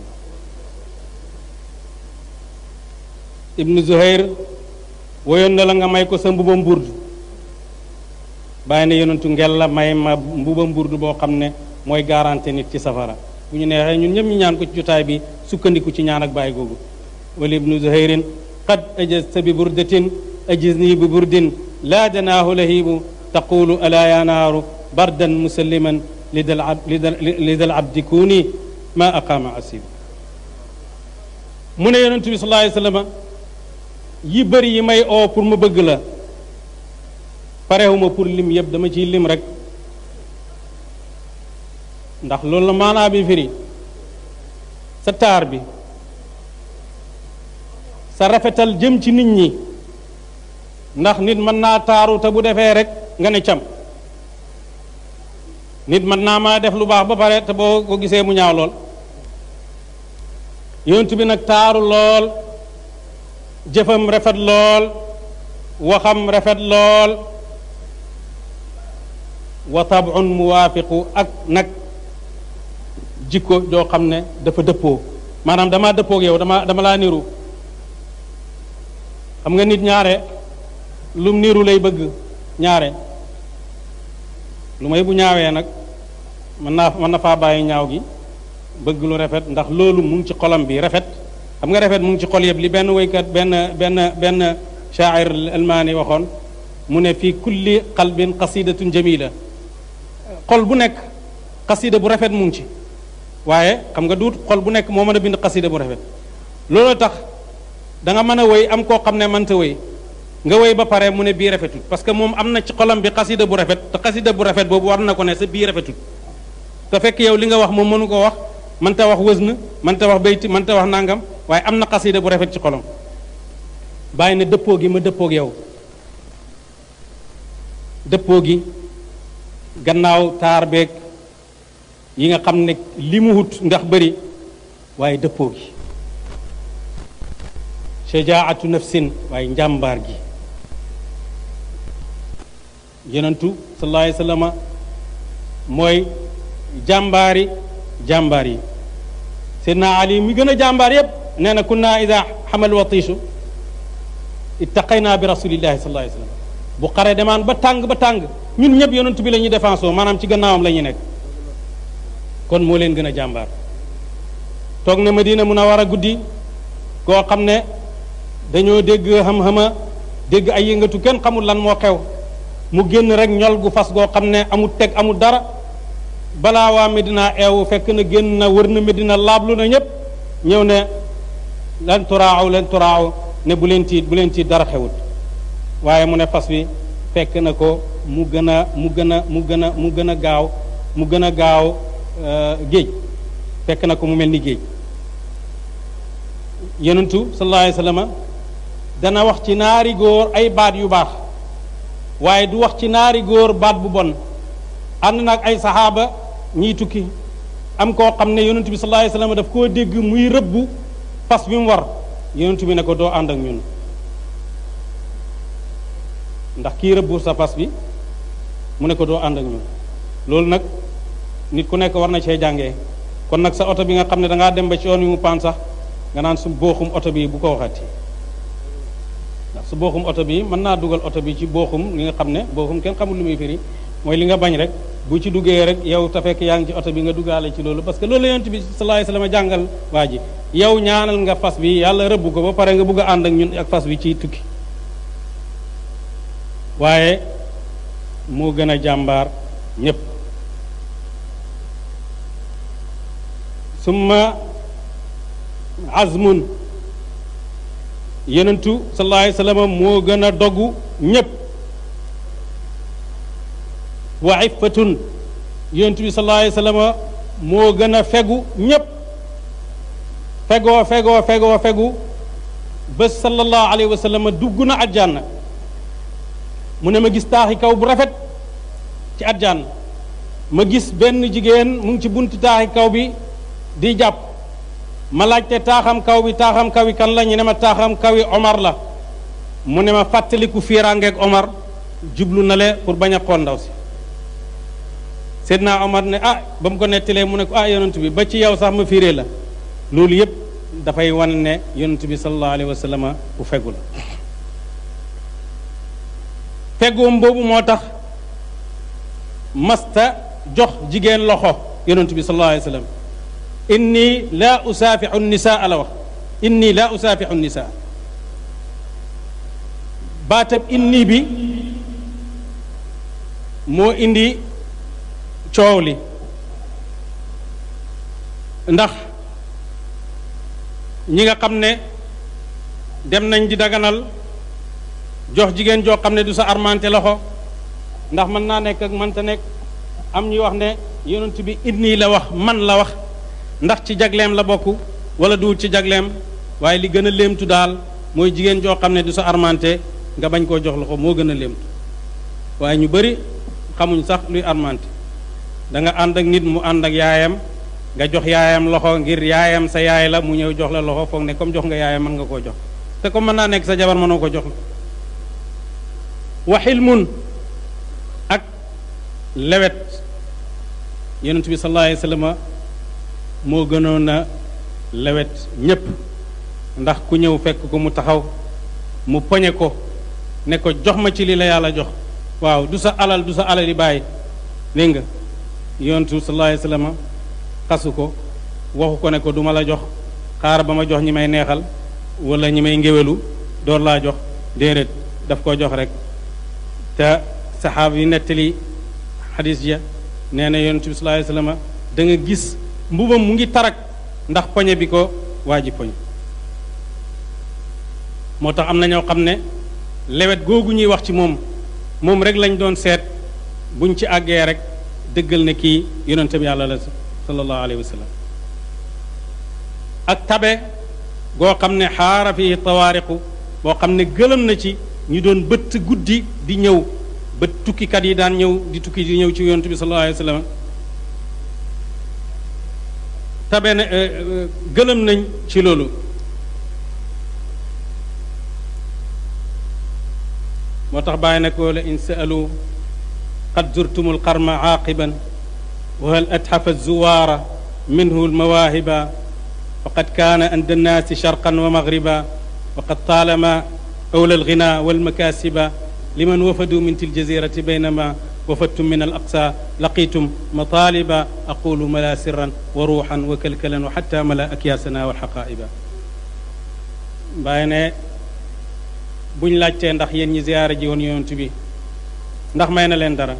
ابن ibnu ويون لا ماي كو سمبوم بورد bàyyi ne yonentu ngel la may ma mbuba mburdu boo xam ne mooy garanti nit ci safara bu ñu neexee ñun ñëpp ñu ñaan ko ci jotaay bi sukkandiku ci ñaan ak bàyyi googu wali zuhayrin qad ajasta bi burdatin ajizni bi burdin laa danaahu lahibu taqulu alaa ya naaru bardan musalliman li dal abdi kuuni ma aqaama asib mu ne yonentu bi yi bëri may oo pour mu bëgg la parewuma pour lim yëpp dama ciy lim rek ndax loolu la maanaa bi firi sa taar bi sa rafetal jëm ci nit ñi ndax nit mën naa taaru te bu defee rek nga ne cam nit mën naa maa def lu baax ba pare te boo ko gisee mu ñaaw lool yonent bi nag taaru lool jëfam rafet lool waxam rafet lool wa tabun muwaafiqu ak nag jikko joo xam ne dafa dëppoo maanaam dama dëppoog yow dama dama laa niru xam nga nit ñaare lum niru lay bëgg ñaare lu may bu ñaawee nag mën naa mën na faa bàyyi ñaaw gi bëgg lu rafet ndax loolu mu ngi ci xolam bi rafet xam nga rafet mu ngi ci xol yëpp li benn woykat benn benn benn shaacir almaani waxoon mu ne fii kulli qalbin qasidatun jamila xol bu nekk xasida bu rafet mu ngi ci waaye xam nga duut xol bu nekk moo mën a bind xasida bu rafet looloo tax da nga mën a woy am koo xam ne mënta woy nga woy ba pare mu ne bii rafetul parce que moom am na ci xolam bi xasida bu rafet te xasida bu rafet boobu war na ko ne sa bii rafetul te fekk yow li nga wax moom mënu koo wax mënta wax wës wësn mënta wax bayti mante wax nangam waaye am na xasida bu rafet ci xolam bàyyi ne dëppoo gi ma dëppoog yow dëppoo gi gannaaw taar beeg yi nga xam ne li mu wut ndax bëri waaye dëppoo gi shajaatu nafsin waaye njàmbaar gi yonentu sallallahu alayhi wa sallama mooy jàmbaari jàmbaar yi seydna ali mi gën a jàmbaar yépp nee na kunna ida xamal watiisu ittaqaynaa bi rasulillahi sallallahu alayhi wa sallam bu xare demaan ba tàng ba tàng ñun ñëpp yonent bi la ñuy défensoo maanaam ci gannaawam la ñuy nekk kon moo leen gën a jàmbaar toog a war a guddi koo xam ne dañoo dégg xam-xama dégg ay yëngatu kenn xamul lan moo xew mu génn rek ñol gu fas goo xam ne amul teg amul dara balaa waa Medina eewu fekk na génn na wër na Medina laablu na ñëpp ñëw ne lan turaaw lan turaaw ne bu leen tiit bu leen tiit dara xewut waaye mu ne fas wi fekk na ko mu gën a mu gën a mu gën a mu gën a gaaw mu gën a gaaw euh, géej fekk na ko mu mel ni géej yenentu sallallahu alayhi wa dana wax ci naari góor ay baat yu baax waaye du wax ci naari góor baat bu bon ànd nag ay saxaaba ñiy tukki am koo xam ne yonentu bi sallallahu alayhi wa sallam daf koo dégg muy rëbb fas bi mu war yonentu bi ne ko doo ànd ak ñun ndax kii pasbi, sa pas bi mu ne ko doo ànd ak ñun loolu nag nit ku nekk war na cee jàngee kon nag sa oto bi nga xam ne da ngaa dem ba ci yoon yu mu paan sax nga naan su booxum oto bi bu ko waxati ndax su booxum oto bi mën naa dugal oto bi ci booxum li nga xam ne booxum xamul lu firi mooy li nga bañ rek bu ci duggee rek yow ta fekk yaa ngi ci oto bi nga duggaale ci loolu parce que loolu la bi sallallahu alayhi wasallam jàngal waa ji yow ñaanal nga fas bi yàlla rëbb ko ba pare nga bugg a ak ñun ak fas bi ci tukki waaye moo gën a jàmbaar ñépp summa azmun yenentu sallallahu alayhi moo gën a dogu ñépp wa iffatun yenentu bi sallallahu alayhi moo gën a fegu ñépp fegoo fegoo fegoo fegu bés sallallahu alayhi wa sallam dugg na àjjana mu ne ma gis taaxi kaw bu rafet ci àjjana ma gis benn jigéen mu ci buntu taaxi kaw bi di jàpp ma laajte taaxam kaw bi taaxam kaw yi kan la ñu ne ma taaxam kaw Omar la mu ne ma fàttaliku fiiraangeeg Omar jublu na le pour bañ a ndaw si Seydina Omar ne ah ba mu ko nettalee mu ne ko ah yonent bi ba ci yow sax ma fiiree la loolu yëpp dafay wan ne yonent bi sallallahu alayhi wa sallam bu fegu la feggoom boobu moo tax masta jox jigéen loxo yonentu bi sallallahu alayhi wa sallam inni laa usaafixu nisaa la wax inni nisaa baatab inni bi moo indi coow li ndax ñi nga xam ne dem nañ di daganal jox jigen jo xamne ne du sa armanté loxo ndax man na nek ak ta nek am ñuy wax ne yonent bi inni la wax man la wax ndax ci jaglem la bokku wala du ci jaglem waye li gëna lemtu dal moy jigen jo xamne ne du sa armanté nga bañ ko jox loxo mo gëna lemtu waye ñu bari xamuñ sax luy armanté da nga and ak nit mu and ak yaayam nga jox yaayam loxo ngir yaayam sa yaay la mu ñew jox la loxo foog ne comme jox nga yaayam man nga ko jox te comme man na nek sa jabar mënoo ko jox wa xilmun ak lewet yonent bi sallallahu moo gënoon na lewet ñépp ndax ku ñëw fekk ko mu taxaw mu poñe ko ne ko jox ma ci li la yàlla jox waaw du sa alal du sa alali bàyyi dégg nga yonent bi sallallahu alayhi wa xasu ko waxu ko ne ko du ma la jox xaar ba ma jox ñi may neexal walla ñi may ngéwélu door laa jox déedéet daf ko jox rek te saxaaba yi nettali xadis ja nee na yonent bi sallallahu alayhi wasallam gis mbubam mu ngi tarak ndax poñe bi ko waa ji poñ moo tax am na ñoo xam ne lewet googu ñuy wax ci moom moom rek lañ doon seet buñ ci àggee rek dëggal ne kii yonente yàlla la sallallahu alayhi ak tabe goo xam ne xaara fii tawaariqu boo xam ne gëlëm na ci ñu doon bëtt guddi di ñëw ba tukkikat yi daan ñëw di tukki di ñëw ci yonent bi sallallahu alayhi wa sallam tabe na gëlëm nañ ci loolu moo tax bàyyi na ko la in saalu qad zurtum alqarma aaqiban wa hal atxafa zuwaara minhu almawaahiba faqad kaana inda annaasi sharqan wa maghriba wa qad taalama أولى الغنى والمكاسب لمن وفدوا من تلك الجزيرة بينما وفدتم من الأقصى لقيتم مطالب أقول ملا سرا وروحا وكلكلا وحتى ملا أكياسنا والحقائب باينة بون لاجتي ندخ يين ني زياره جي وون يونت بي ندخ ماينا لين دارا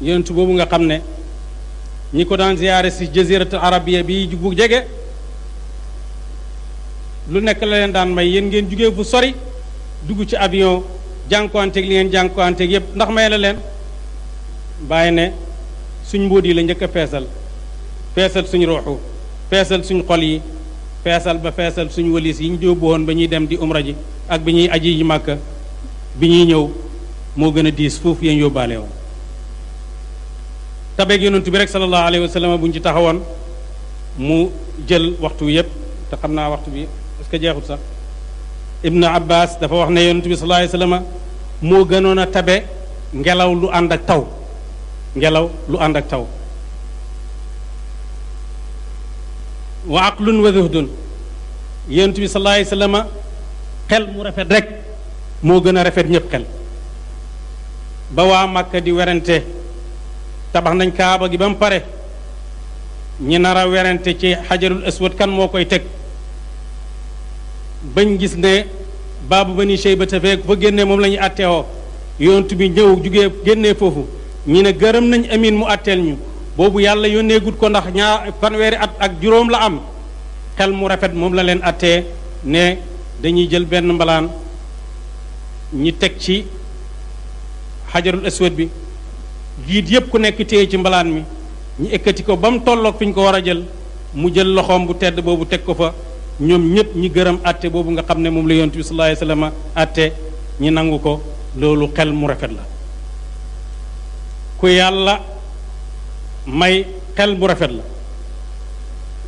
يونت بوبوغا دان زياره سي جزيره العربيه بي جوبو lu nekk la leen daan may yéen ngeen jugee bu sori dugg ci avion jànkuwanteeg li ngeen jànkuwanteeg yépp ndax may la leen bàyyi ne suñ mbóot yi la njëkk a feesal feesal suñu ruuxu feesal suñ xol yi feesal ba feesal suñu walis yi ñu jóobu woon ba ñuy dem di umra ji ak bi ñuy aji ji màkka bi ñuy ñëw moo gën a diis foofu yéen yóbbaale woon tabeeg yonent bi rek sallallahu alayhi wa sallam bu ñu ci taxawoon mu jël waxtu yépp te xam naa waxtu bi que jeexut sax ibnu abbas dafa wax ne yonent bi sallallahu alayhi wasallam moo gënoon a tabe ngelaw lu ànd ak taw ngelaw lu ànd ak taw wa aqlun wa zuhdun yonent bi sallallahu alayhi xel mu rafet rek moo gën a rafet ñépp xel ba waa Makka di werante tabax nañ kaaba gi ba mu pare ñi nar a werante ci xajarul aswad kan moo koy teg bañ gis ne baabu bani shaybata feek fa génnee moom la ñuy yoon yonent bi ñëw jugee génnee foofu ñu ne gërëm nañu amin mu àtteel ñu boobu yàlla yónneegut ko ndax ñaar fanweeri at ak juróom la am xel mu rafet moom la leen attee ne dañuy jël benn mbalaan ñi teg ci xajarul aswad bi jiit yépp ku nekk téye ci mbalaan mi ñu ekkati ko ba mu tolloog fi ñu ko war a jël mu jël loxoom bu tedd boobu teg ko fa ñoom ñëpp ñi gërëm atte boobu nga xam ne moom la yonent bi sallallahu alayhi wasallam atte ñi nangu ko loolu xel mu rafet la ku yàlla may xel mu rafet la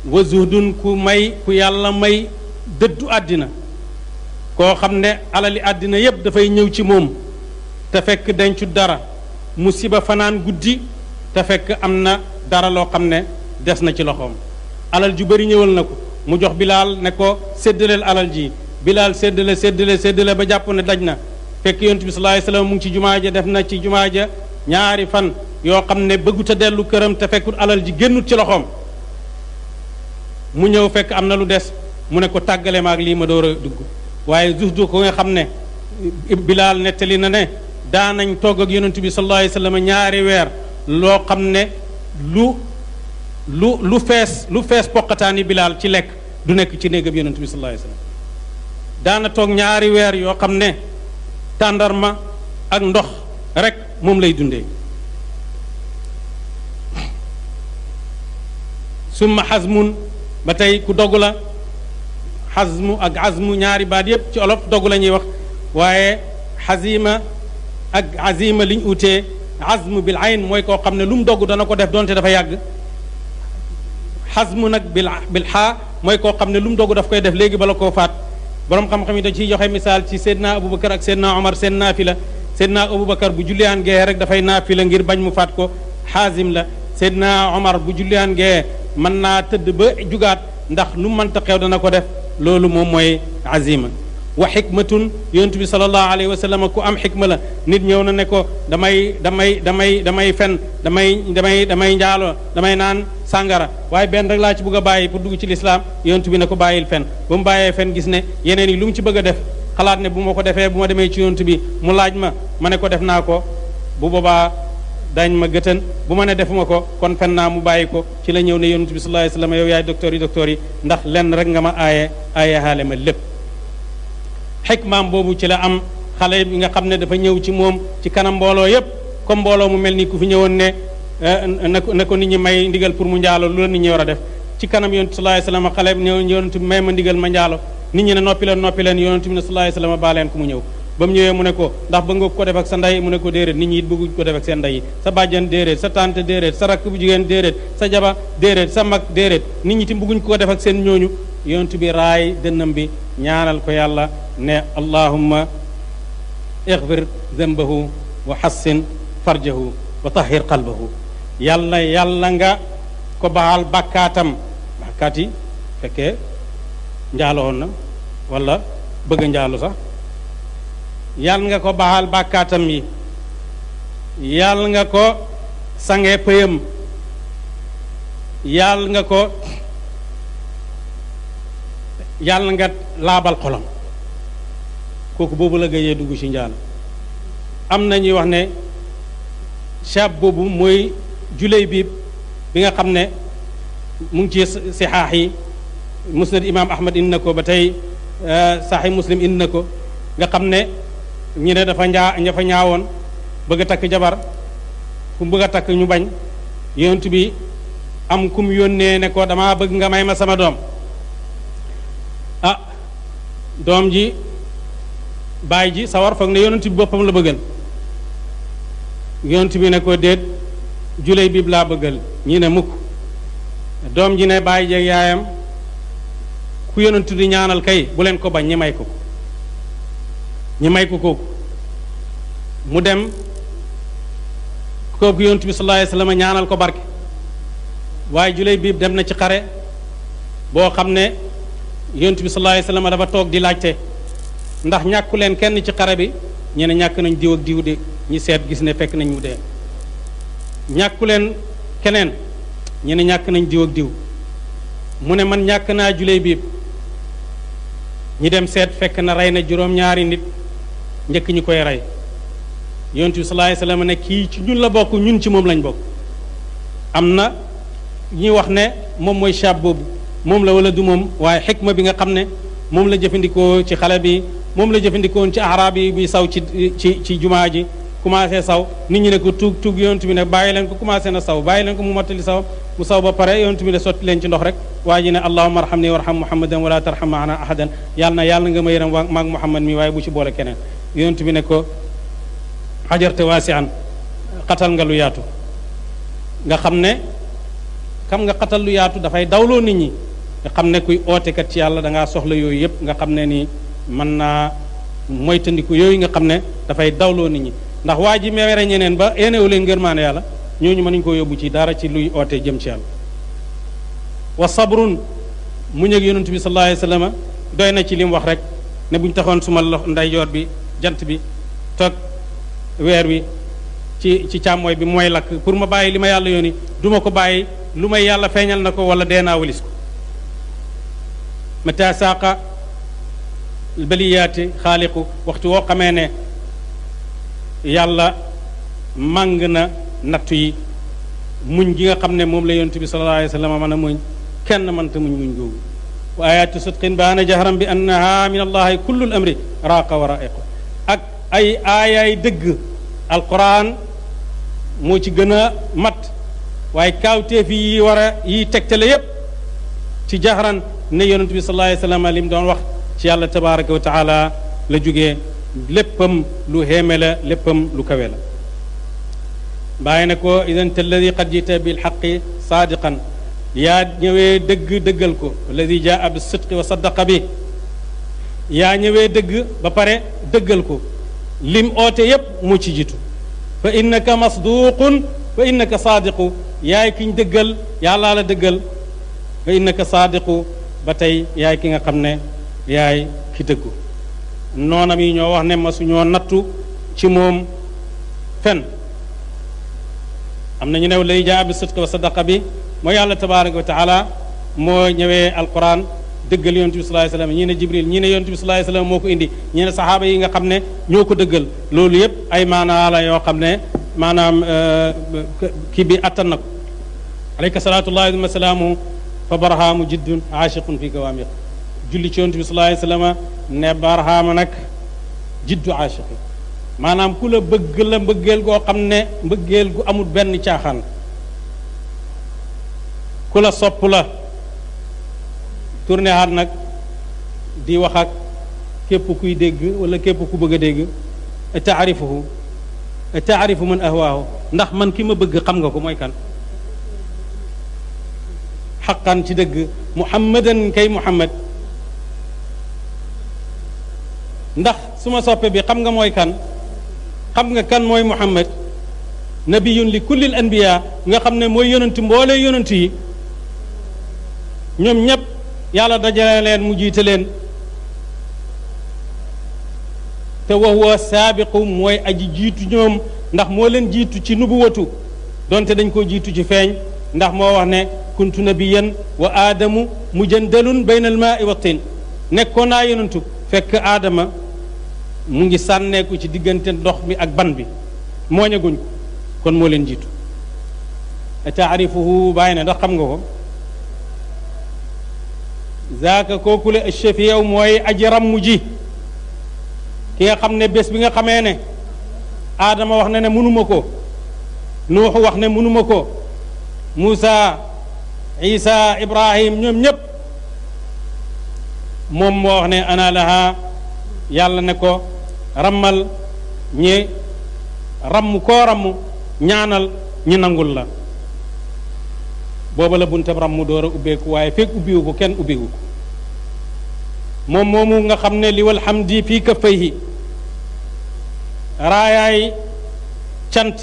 wa zuhdun ku may ku yàlla may dëddu àddina koo xam ne alali àddina yépp dafay ñëw ci moom te fekk dencu dara musiba fanaan guddi te fekk am na dara loo xam ne des na ci loxoom alal ju bari ñëwal na ko mu jox bilaal ne ko séddaleel alal ji bilaal séddale séddale séddale ba jàpp ne daj na fekk yonent bi sallallahu alayhi wasallam mu ngi ci jumaa ja def na ci jumaa ja ñaari fan yoo xam ne bëggut a dellu këram te fekkut alal ji génnut ci loxoom mu ñëw fekk am na lu des mu ne ko tàggale maak lii ma door a dugg waaye zuhdu ko nga xam ne bilaal nettali na ne daanañ togg ak yonent bi sallallahu alayhi wasallam ñaari weer loo xam ne lu lu lu fees lu fees poqataani bilaal ci lekk du nekk ci néegam yonent bi sallallahu alayhi daana toog ñaari weer yoo xam ne tàndarma ak ndox rek moom lay dundee summa xasmun ba tey ku dogu la xasmu ak azmu ñaari baat yépp ci olof dogu la ñuy wax waaye xasima ak azima liñ utee azmu bil ayn mooy koo xam ne lu mu dogg dana ko def donte dafa yàgg xasmu nag bil bil xaa mooy koo xam ne lu mu dogu daf koy def léegi bala koo faat borom xam-xam yi dañ ciy joxe misaal ci Seydina Aboubacar ak Seydina Omar seen naafila Seydina Aboubacar bu julliaan gee rek dafay naafila ngir bañ mu faat ko xaasim la Seydina Omar bu julliaan gee mën naa tëdd ba jugaat ndax lu mënta xew dana ko def loolu moom mooy azima wa xikmatun yonent bi sallallahu alayhi wa sallam ku am xikma la nit ñëw na ne ko damay damay damay damay fen damay damay damay njaalo damay naan sàngara waaye benn rek laa ci bëgg bàyyi pour dugg ci lislaam yonent bi ne ko bàyyil fen ba mu bàyyee fen gis ne yeneen yi lu ci bëgg a def xalaat ne bu ma ko defee bu ma demee ci yonent bi mu laaj ma ma ne ko def naa ko bu boobaa dañ ma gëtën bu ma ne defuma ko kon fen naa mu bàyyi ko ci la ñëw ne yonent bi sallallahu alayhi wa sallam yow yaay docteur yi docteur yi ndax lenn rek nga ma aaye aaye lépp xikmaam boobu ci la am xale bi nga xam ne dafa ñëw ci moom ci kanam mbooloo yépp comme mbooloo mu mel ni ku fi ñëwoon ne eh, na ko na ko nit ñi may ndigal pour mu njaalo lu la nit war a def ci kanam yonent sallallahu alayhi wasallam xale ñëw yonent bi may ma ndigal ma njaalo nit ne noppi leen noppi leen yonent bi ne sallallahu alayhi wasallam baaleen ku mu ñëw ba mu ñëwee mu ko ndax bëgg ko ak sa ndey mu ne ko déedéet nit ñi it bëgguñ ko def ak seen ndey yi sa bàjjan déedéet sa tante déedéet sa rakk bu jigéen déedéet sa jaba déedéet sa mag déedéet nit ñi tim bëgguñ ko defak seen ñooñu yontu bi raay dënnam bi ñaanal ko yàlla ne allahumma ixfir zembahu wa xassin farjahu wa tahir qalbahu yàlla yàlla nga ko baal bakkaatam bàkkaat yi fekkee njaaloon na wala bëgg a njaalu sax yàlla nga ko baal bàkkaatam yi yàlla nga ko sange pëyam yàlla nga ko na nga laabal xolam kooku boobu la géyee dugg ci njaalo am na ñuy wax ne shaab boobu mooy juley bi bi nga xam ne mu ngi ci sixaax yi musnad imaam ahmad indi na ko ba tey euh, saxi muslim indi na ko nga xam ne ñu ne dafa ñaa ña fa ñaawoon bëgg a takk jabar ku bëgg a takk ñu bañ yonent bi am kum yónnee ne ko damaa bëgg nga may ma sama doom ah doom ji baay ji sawar foog ne yonent bi boppam la bëggal yonent bi ne ko déet juley bi laa bëggal ñi ne mukk doom ji ne baay jeeg yaayam ku yonent di ñaanal kay bu leen ko bañ ñi may ko ñi may ko kooku mu dem kooku yonent bi sallallahu alayhi ñaanal ko barke waaye juley biib dem na ci xare boo xam ne yonent bi sallallahu alayhi wasallam dafa toog di laajte ndax ñàkku leen kenn ci xare bi ñu ñàkk nañ diw ak diw de ñi seet gis ne fekk nañ mu dee ñàkku leen keneen ñu ñàkk nañ diw ak diw mu ne man ñàkk naa juley biib ñi dem seet fekk na rey na juróom-ñaari nit njëkk ñu koy rey yonent bi sallallahu alayhi ne kii ci ñun la bokk ñun ci moom lañ bokk am na ñuy wax ne moom mooy chab boobu moom la wala du moom waaye xikma bi nga xam ne moom la jëfandikoo ci xale bi moom la jëfandikoon ci arab yi bi saw ci ci ci jumaa ji commencé saw nit ñi ne ko tuug tuug yonent bi ne bàyyi leen ko commencé na saw bàyyi leen ko mu mottali saw mu saw ba pare yonent bi ne sotti leen ci ndox rek waa ji ne allahuma arxam ni warxam muhammadan wala tarxam maana ahadan yàlla na yàlla nga ma yëram waa maag muhammad mi waaye bu ci boole keneen yonent bi ne ko xajarte waasi an xatal nga lu yaatu nga xam ne xam nga xatal lu yaatu dafay dawloo nit ñi nga xamne ne oté kat ci yalla da nga soxla yoy yep nga xamne ne ni na moy tandiku yoy nga xamne ne fay dawlo nit ñi ndax waji ji ñeneen ba yéenewu leen ngërmaane yàlla ñooñu mënuñ ko yóbbu ci dara ci luy oté jëm ci yalla wa sabrun mu ñeek yoonu tbi sallallahu alayhi wasallam doyna ci lim wax rek ne buñ taxoon suma lox ndeyjoor bi jant bi tok weer wi ci ci chamoy bi moy lak pour ma bàyyi lima yalla yoni duma ko bàyyi lumay yalla feñal nako wala deenaa walis mata saaqa baliyaati xaaliqu waxtu woo xamee ne yàlla màng na nattu yi muñ gi nga xam ne moom la yontu bi sallallahu alayhi wa sallam mën a muñ kenn mënta muñ muñ googu wa ayaatu sidqin baana jahran bi annaha min allahi kullu l amri raaqa wa raaiqu ak ay aayaay dëgg alquran moo ci gën a mat waaye kaawteef yi war a yi tegtale yépp ci jahran ne yonent bi sallallahu alayhi wasallam lim li doon wax ci yàlla tabaraka wa taala la jógee léppam lu xéeme léppam lu kawela bayina ko idan talladhi qad jita bil haqq sadiqan ya ñewé deug deugal ko alladi jaa bis sidq wa saddaqa bi ya ñewé deug ba pare deugal ko lim oté yépp mu ci jitu fa innaka masduqun fa innaka saadiqu yaay kiñ deugal yàllaa la deugal fa innaka saadiqu ba tey yaay ki nga xam ne yaay ki dëggu noonam yi ñoo wax ne ma suñoo nattu ci moom fen am na ñu new lay jaa bi sudq wa sadaqa bi mooy yàlla tabaraka wa taala moo ñëwee alquran dëggal yontu bi sallallahu alayhi wasallam ñii ne jibril ñii ne yontu bi sallallahu alayhi moo ko indi ñii ne saxaaba yi nga xam ne ñoo ko dëggal loolu yëpp ay maanaa la yoo xam ne maanaam euh, kii bi attan ko aleyka salatullahi wa salaamu fa barhaamu jiddun aashiqun fi gawaamiq julli ci yonent bi sallallahu alayhi wasallam ne barhaama nag jiddu aashiqi maanaam ku la bëgg la mbëggeel goo xam ne mbëggeel gu amul benn caaxaan ku la sopp la tourné aat nag di wax ak képp kuy dégg wala képp ku bëgg a dégg taarifuhu taarifu man ahwaahu ndax man ki ma bëgg xam nga ko mooy kan xaqan ci dëgg muhammadan kay muhammad ndax suma soppe bi xam nga mooy kan xam nga kan mooy muhammad nabiyun li kullil anbiya nga xam ne mooy yonanti mboolee yonant yi ñoom ñépp yàlla dajale leen mu jiite leen te wa huwa saabiqu mooy aji jiitu ñoom ndax moo leen jiitu ci nubuwatu donte dañ koo jiitu ci feeñ ndax moo wax ne kuntu nabiyan wa aadamu mujandalun bayna al maa'i wa tin nekkoon naa yonantu fekk aadama mu ngi sànneeku ci diggante ndox mi ak ban bi mooñaguñ ko kon moo leen jiitu taarifuhu bàyyi ne ndax xam nga ko zaaka kooku la chefi yow mooy aji ramm ji ki nga xam ne bés bi nga xamee ne aadama wax na ne mënuma ko nuuxu wax ne mënuma ko Moussa isa ibrahim ñoom ñépp moom moo wax ne yàlla ne ko rammal ñi ramm koo ramm ñaanal ñi nangul la booba la buntab ramm door a ubbeeku waaye fekk ubbiwu kenn ubbiwu ko moom moomu nga xam ne li wal hamdi fii kaffayhi raayaay cant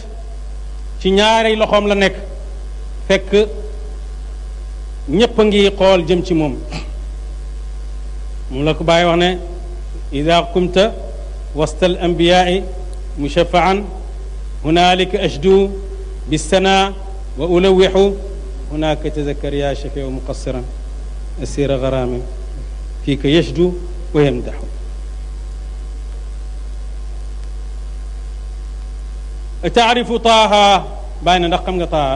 ci ñaari loxoom la nekk fekk ñépp a ngi xol jëm ci mom moom la ko bay wax ne idha qumta wastal al anbiyaai mushafaan hunalika ashdu sana wa ulawihu hunaka tazakar ya shafiu muqassiran asira gharami fika yashdu wa yamdaxu تعرف طه باين رقم طه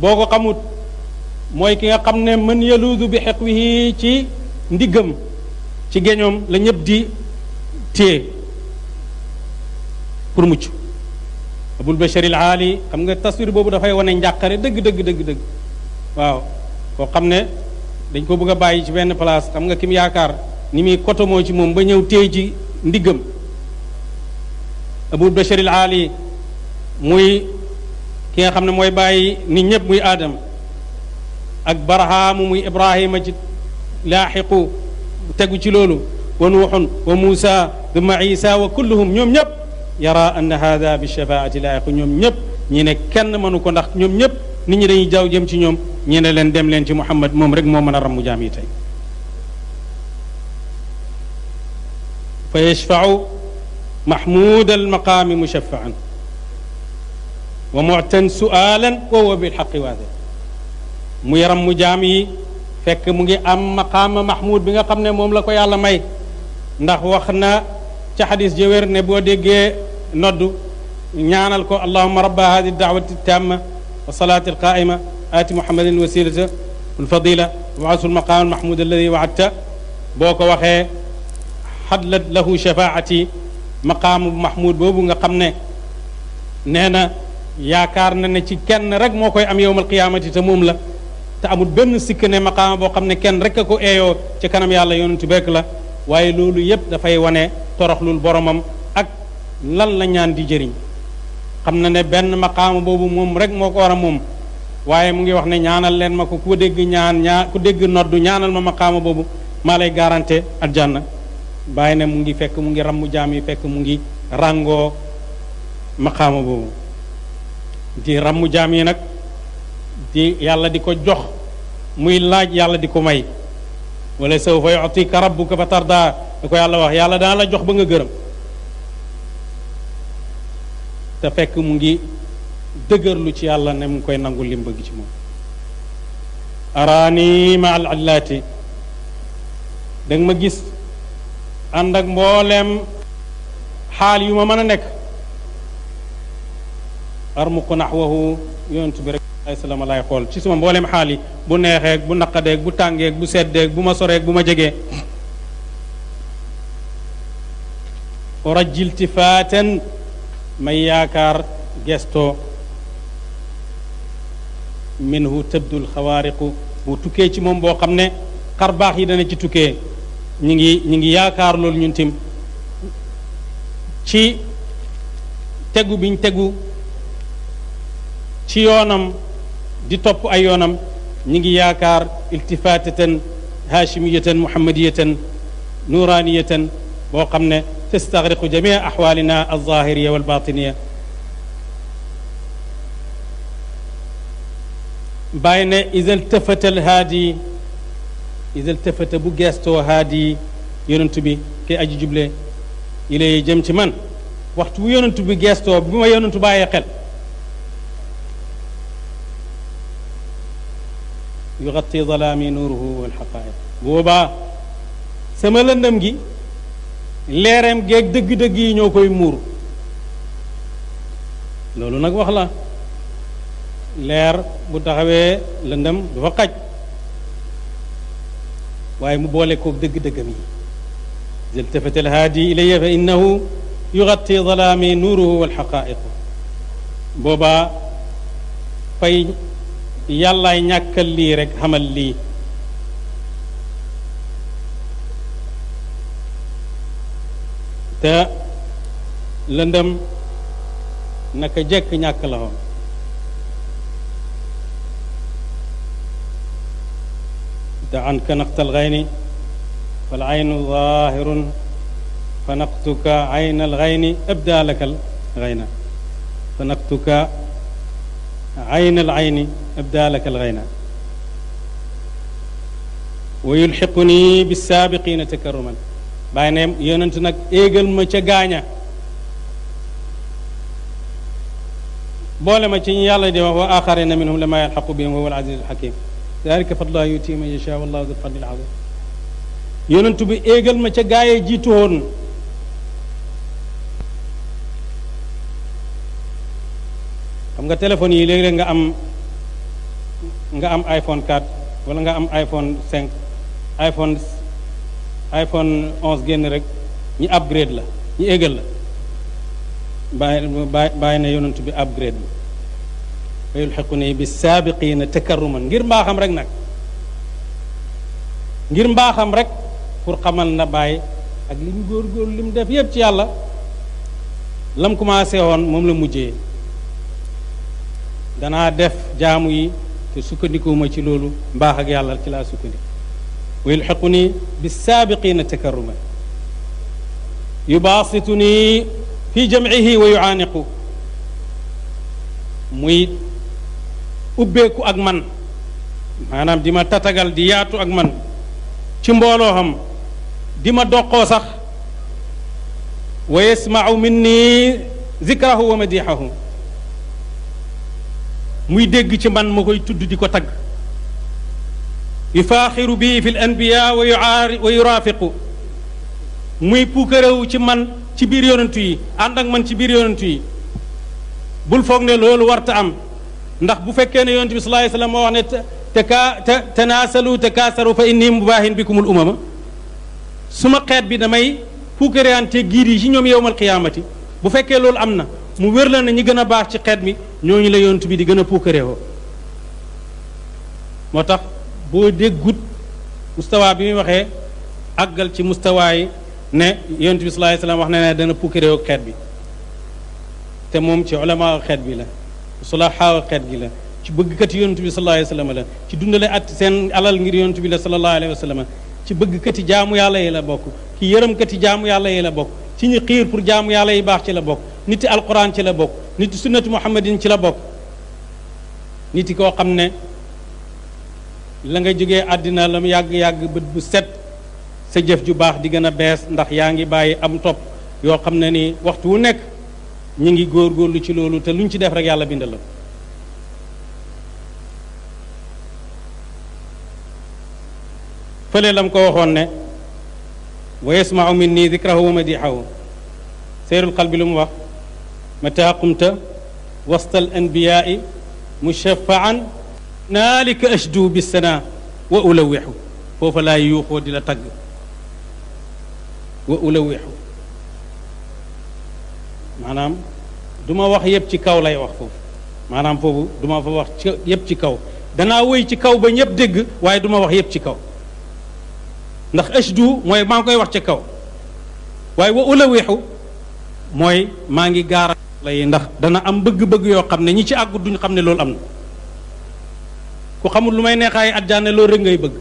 boko ko xamut moy ki nga xamne man mën bi xeqwihi ci ndigam ci geñom la ñep di té pour muccu abul bashir al ali xam nga taswir da fay wane njàqare deug deug deug deug waaw ko xamne dañ ko bëgg bayyi ci benn place xam nga kim yaakar ni koto mo ci mom ba ñew té ci ndigam abul bashir al ali muy ki nga xamne moy baye ni ñëpp muy adam ak barham muy ibrahim ci lahiqu tegu ci lolu wa nuhun wa muusa duma isa wa kulluhum ñom ñëpp yara an hada bi shafaati laaxiqu ñom ñëpp ñi ne kenn manu ko ndax ñom ñëpp nit ñi dañuy jaw jëm ci ñom ñi ne len dem len ci muhammad mom rek mo meuna ramu jami tay fa yashfau mahmud al maqaami mushaffa'an ومعتن سؤالا وهو بالحق واذن ميرم مجامي فك مغي ام مقام محمود بيغا خامني موم لاكو يالا ماي نده واخنا تي حديث جوير ني بو ديغي نود نيانال كو اللهم رب هذه الدعوه التامه والصلاه القائمه اتي محمد الوسيله والفضيله وعس المقام المحمود الذي وعدت بوكو واخي حدلت له شفاعتي مقام محمود بوبو nga xamne neena yaakaar na ne ci kenn rek moo koy am yowmal qiyaamati te moom la te amul benn sikk ne maqaama boo xam ne kenn rek a ko eeyoo ci kanam yàlla yonentu bekk la waaye loolu yépp dafay wane toroxlul boromam ak lan la ñaan di jëriñ xam na ne benn maqaama boobu moom rek moo ko war a moom waaye mu ngi wax ne ñaanal leen ma ko ku dégg ñaan ñaa ku dégg noddu ñaanal ma maqaama boobu maa lay garanté aljanna bàyyi ne mu ngi fekk mu ngi rammu jaam yi fekk mu ngi ràngoo maqaama boobu di ràmm jaam yi nag di yàlla di ko jox muy laaj yàlla di ko may wala sawfa yutika rabbuka fa tarda da ko yàlla wax yàlla daal la jox ba nga gërëm te fekk mu ngi dëgërlu ci yàlla ne mu koy nangu lim bëgg ci moom araani ma al allaati da nga ma gis ànd ak mbooleem xaal yu ma mën a nekk armuqu naxwahu yonent ci suma mbooleem xaal yi bu neexeeg bu naqadeeg bu tàngeeg bu seddeeg bu ma soreeg bu ma jegee oraj iltifaaten may yaakaar gesto minhu tëbdul xawaariqu bu tukkee ci moom boo xam ne xar baax yi dana ci tukkee ñi ngi ñi ngi yaakaar loolu ñun tim ci tegu biñ tegu ci yoonam di topp ay yoonam ñi ngi yaakaar iltifatatan hashimiyatan muhammadiyatan nuraniyatan boo xam ne tastagriqu jamia axwaalina alzahiriya walbatiniya bàyyi ne ida iltafata alhaadi ida iltafata bu geestoo haadi yonent bi kay aji juble ilay jëm ci man waxtu bu yonent bi geestoo bu ma yonent bàyyee xel yuxatti zalaami nuuruhu wal xaqaayiq boobaa sama lëndëm gi leereem geeg dëgg-dëgg yi ñoo koy muur loolu nag wax la leer bu taxawee lëndëm du fa xaj waaye mu boole koog dëgg-dëggam yi zaltafata alhaadi ilaya fa innahu yuxatti zalaami nuuruhu wal xaqaayiq boobaa fay yàllaay ñàkkal lii rek xamal lii te lëndëm naka jekk ñàkk la woon da an ka naqtal xayni fal aynu zahirun fa naqtuka ayna al xayni abdalaka al xayna fa naqtuka عين العين إبدالك الغينا ويلحقني بالسابقين تكرما باي نيم يوننت ايغل ما تي غاña بولما تي يالا دي واخ واخرين منهم لما يلحق بهم وهو العزيز الحكيم ذلك فضل الله يؤتي من يشاء والله ذو الفضل العظيم يوننت بي ايغل ما تي غاي جيتو xam nga téléphone yi léeg-léeg nga am nga am iPhone 4 walla nga am iPhone 5 iPhone iPhone 11 génn rek ñi upgrade la ñi égal la bàyyi bàyyi na yonent bi upgrade bi fa yulxiquni bi saabiqina takaruman ngir mbaaxam rek nag ngir mbaaxam rek pour xamal na bàyyi ak li góor góor li def yépp ci yàlla lam commencé woon moom la mujjee dana def jaamu yi te ma ci loolu mbaax ak yàlla ci laa sukkandi wa yulxiqu ni bi takarruma yubaasitu fi jamcihi wa yucaaniqu muy ubbeeku ak man maanaam di ma tatagal di yaatu ak man ci mbooloo xam di ma doqoo sax wa yasmacu minni zikrahu wa madiixahu muy dégg ci man ma koy tudd di ko tagg yufaaxiru bi fi l anbiya wa yuaari wa yurafiqu muy puukarewu ci man ci biir yonentu yi ànd ak man ci biir yonentu yi bul foog ne loolu warta am ndax bu fekkee ne yonent bi salaai sallam moo wax ne te ka teka tanaasalu kaasaru fa inni mubaahin bikum l umama suma xeet bi damay puukareante giir yi ci ñoom yowmal qiyaamati bu fekkee loolu am na mu wér la na ñi gën a baax ci xeet mi ñooñu la yonent bi di gën a puukareewoo moo tax boo déggut mustawaa bi muy waxee àggal ci mustawaa yi ne yonent bi sallallahu alayhi wasallam wax na ne dana puukareewoo xeet bi te moom ci ulamaaw xeet bi la sulahaaw xeet gi la ci bëggkat yonent bi sallallahu alayhi wasallam la ci dundale at seen alal ngir yonent bi la sallallahu alayhi wasallam ci bëgg yi jaamu yàlla yi la bokk ki yërëmkat kati jaamu yàlla yi la bokk ci ñi xiir pour jaamu yàlla yi baax ci la bokk niti alquran ci la bok niti sunnatu muhammadin ci la bokk niti koo xam ne la nga jógee àddina la mu yàgg-yàgg bu set sa jëf ju baax di gën bes ndax yaa am top yoo xam ni waxtu wu nekk ñu ngi lu ci loolu te luñ ci def rek yàlla bindal fële lam ko waxoon ne wa yasmau min wa qalbi wax متى قمت وسط الأنبياء مشفعا نالك أشدو بالسنة وألوح فوف لا يوخد لتق وألوح معنام دوما واخ يب تي كاو لاي واخ فوف معنام فوف دوما فا واخ يب تي كاو دانا وي تي كاو با نيب دغ واي دوما واخ يب تي كاو نخ اشدو موي ماكاي واخ تي كاو واي وولويحو موي ماغي غارا yàlla yi ndax dana am bëgg-bëgg yoo xam ne ñi ci àggut duñ xam ne loolu am na ku xamul lu may neexaay àjjana loolu rek ngay bëgg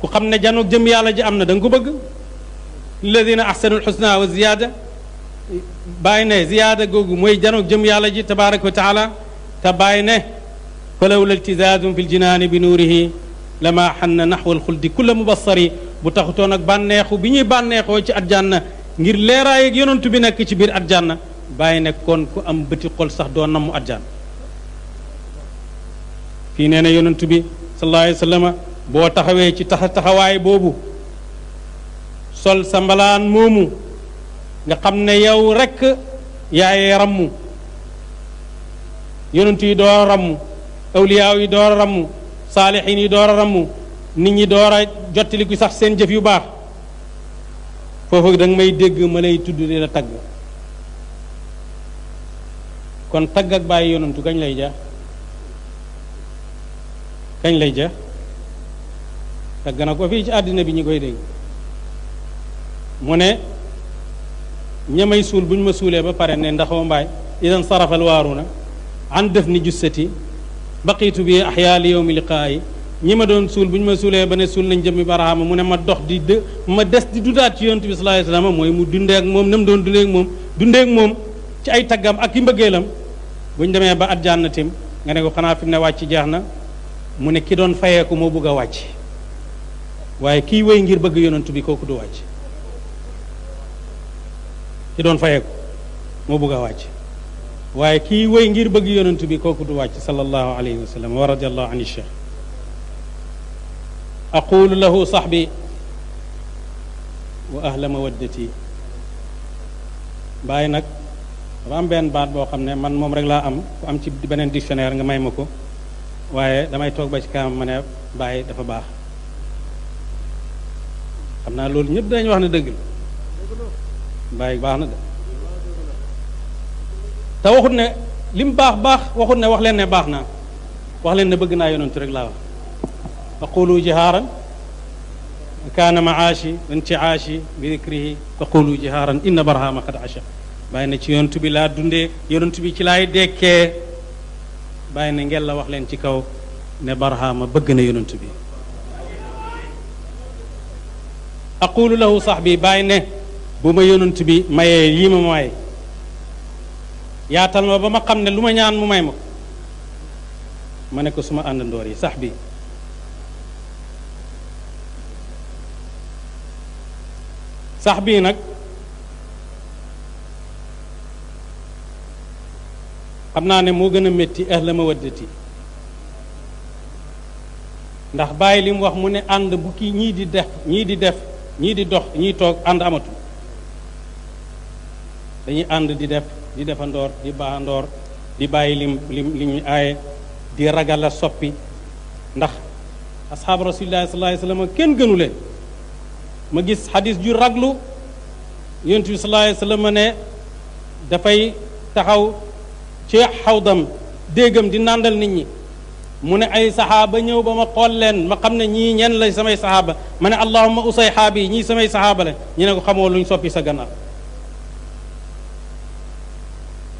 ku xam ne janoog jëm yàlla ji am na da nga ko bëgg lilladina ahsanul xusna wa ziyaada bàyyi ne ziyaada googu mooy janoog jëm yàlla ji tabaraka wa taala te bàyyi ne falawla iltizaazum fi ljinaani bi nuurihi lama xanna naxwa alxuldi kulla mubassari bu taxutoon ak bànneexu bi ñuy bànneexoo ci àjjana ngir leeraay ak yonantu bi nekk ci biir àjjana bàyyi ne kon ku am bëti xol sax doo namm ajjaan fii nee na yonent bi sallallahu alayhi wa boo taxawee ci tax taxawaay boobu sol sa mbalaan moomu nga xam ne yow rekk yaayee ramm yonent yi door a ramm awliyaaw yi door a ramm saalixiin yi door a ramm nit ñi door a jottaliku sax seen jëf yu baax foofu danga may dégg ma lay tudd dina tagg kon tagg ak bàyyi yonantu kañ lay ja kañ lay ja tagg na ko fii ci àddina bi ñu koy dégg mu ne ñamay suul bu ñu ma suulee ba pare ne ndaxaw mbaay idan sarafal waaru na an def ni jussati baqiitu ax axyaa li yowmi liqaayi ñi ma doon suul bu ñu ma suulee ba ne suul nañ jëmmi baraxama mu ne ma dox di dë ma des di dundaat ci yonent bi sallallahu alayhi wasallam mooy mu dundee ak moom na doon dundee ak moom dundee ak ci ay taggam ak i mbëggeelam bu ñu demee ba at jànnatim nga ne ko xanaa fi ne wàcc jeex na mu ne ki doon fayeeku moo bëgg a wàcc waaye kiy wéy ngir bëgg yonantu bi kooku du wàcc ki doon fayeeku moo bëgg a wàcc waaye kiy wéy ngir bëgg yonantu bi kooku du wàcc sallallahu alayhi wa sallam wa radiallahu an cheikh aqulu lahu saxbi wa ahla mawaddati bàyyi nag dafa am benn baat boo xam ne man moom rek laa am ku am ci beneen dictionnaire nga may ma ko waaye damay toog ba ci kanam ma ne bàyyi dafa baax xam naa loolu ñëpp dañu wax ne dëgg la bàyyi baax na de te waxut ne lim baax baax waxut ne wax leen ne baax naa wax leen ne bëgg naa yonent rek laa wax aqulu jihaaran kaana maashi wa intiaashi bi dikrihi faqulu jihaaran inna barhama qad asha bàyyi na ci yoontu bi laa dunde yonent bi ci laay dekkee bàyyi na ngeen la wax leen ci kaw ne barhama bëgg na yonent bi aqulu lahu sax bi bàyyi ne bu ma yonent bi mayee yii ma may yaatal ma ba ma xam ne lu ma ñaan mu may ma ma ne ko suma àndandoor yi sax bi sax bii nag xam naa ne moo gën métti ahla ma ndax bàyyi li wax mu ne ànd bu ki ñii di def ñii di def ñii di dox ñii toog ànd amatu dañuy ànd di def di defandoor di baaxandoor di bàyyi lim lim li ñuy di ragal soppi ndax asxaabu rasulillahi sallallahu alayhi wasallam kenn gënu leen ma gis xadis ju raglu yonent sallallahu alayhi wasallam ne dafay taxaw شيخ حودم ديغم دي ناندال نيت ني من اي صحابه نيو بما خول لين ما خمنا ني نين لا سماي صحابه من اللهم اصيحابي ني سماي صحابه لا ني نكو خمو لوني سوبي سا غنا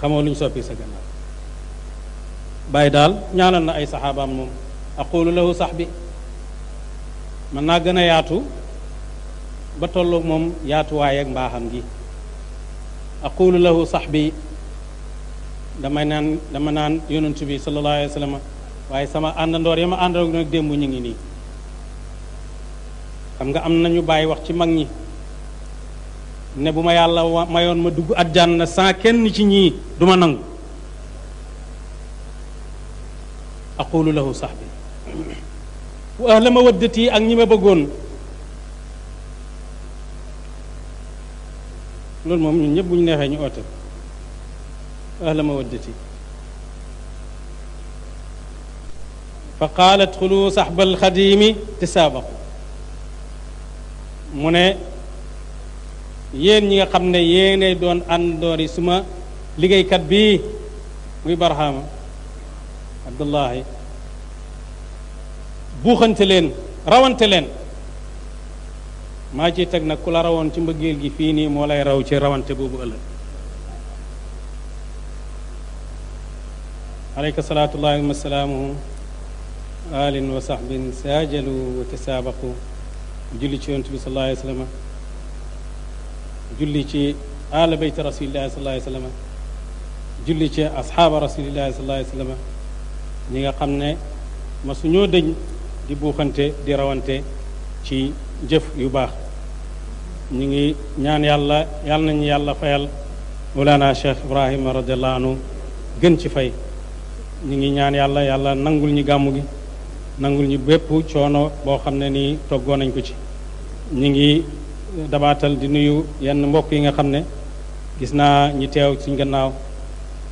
خمو لوني سوبي سا غنا باي دال نيانال نا اي صحابه موم اقول له صحبي من نا غنا ياتو با تولو موم ياتو واي اك مباخام جي اقول له صحبي damay naan dama naan yonent bi sallallahu alayhi wa sallam waaye sama àndandoor ya ma àndandoo nag démb ñu ngi nii xam nga am nañu bàyyi wax ci mag ñi ne bu ma yàlla mayoon ma dugg àjjana sans kenn ci ñii du ma nangu aqulu lahu sahbi wa ahla mawaddati ak ñi ma bëggoon loolu moom ñu ñëpp bu ñu neexee ñu oote ahla mawaddati fa qaalat xulu saxba alxadimi tisaabaqu mu ne yéen ñi nga xam ne yéenay doon àndoori suma liggéeykat bii muy barxaama abdullahi buuxante leen rawante leen maa ciy teg nag ku la rawoon ci mbëggeel gi fii nii moo lay raw ci rawante boobu ëllëg عليك صلاة الله وسلامه آل وصحب ساجلوا وتسابقوا جل شيء صلى الله عليه وسلم جل شيء آل بيت رسول الله صلى الله عليه وسلم جل شيء أصحاب رسول الله صلى الله عليه وسلم نيجا قمنا ما سنيو دين دي بوخنت دي روانت شيء جف يباخ نيجي نيان يالله يالنا يالله فيال ولانا شيخ إبراهيم رضي الله عنه جن شيء فيه ñu ngi ñaan yàlla yàlla nangul ñi gàmmu gi nangul ñi bépp coono boo xam ne nii toggoo nañ ko ci ñu ngi dabaatal di nuyu yenn mbokk yi nga xam ne gis naa ñi teew suñ gannaaw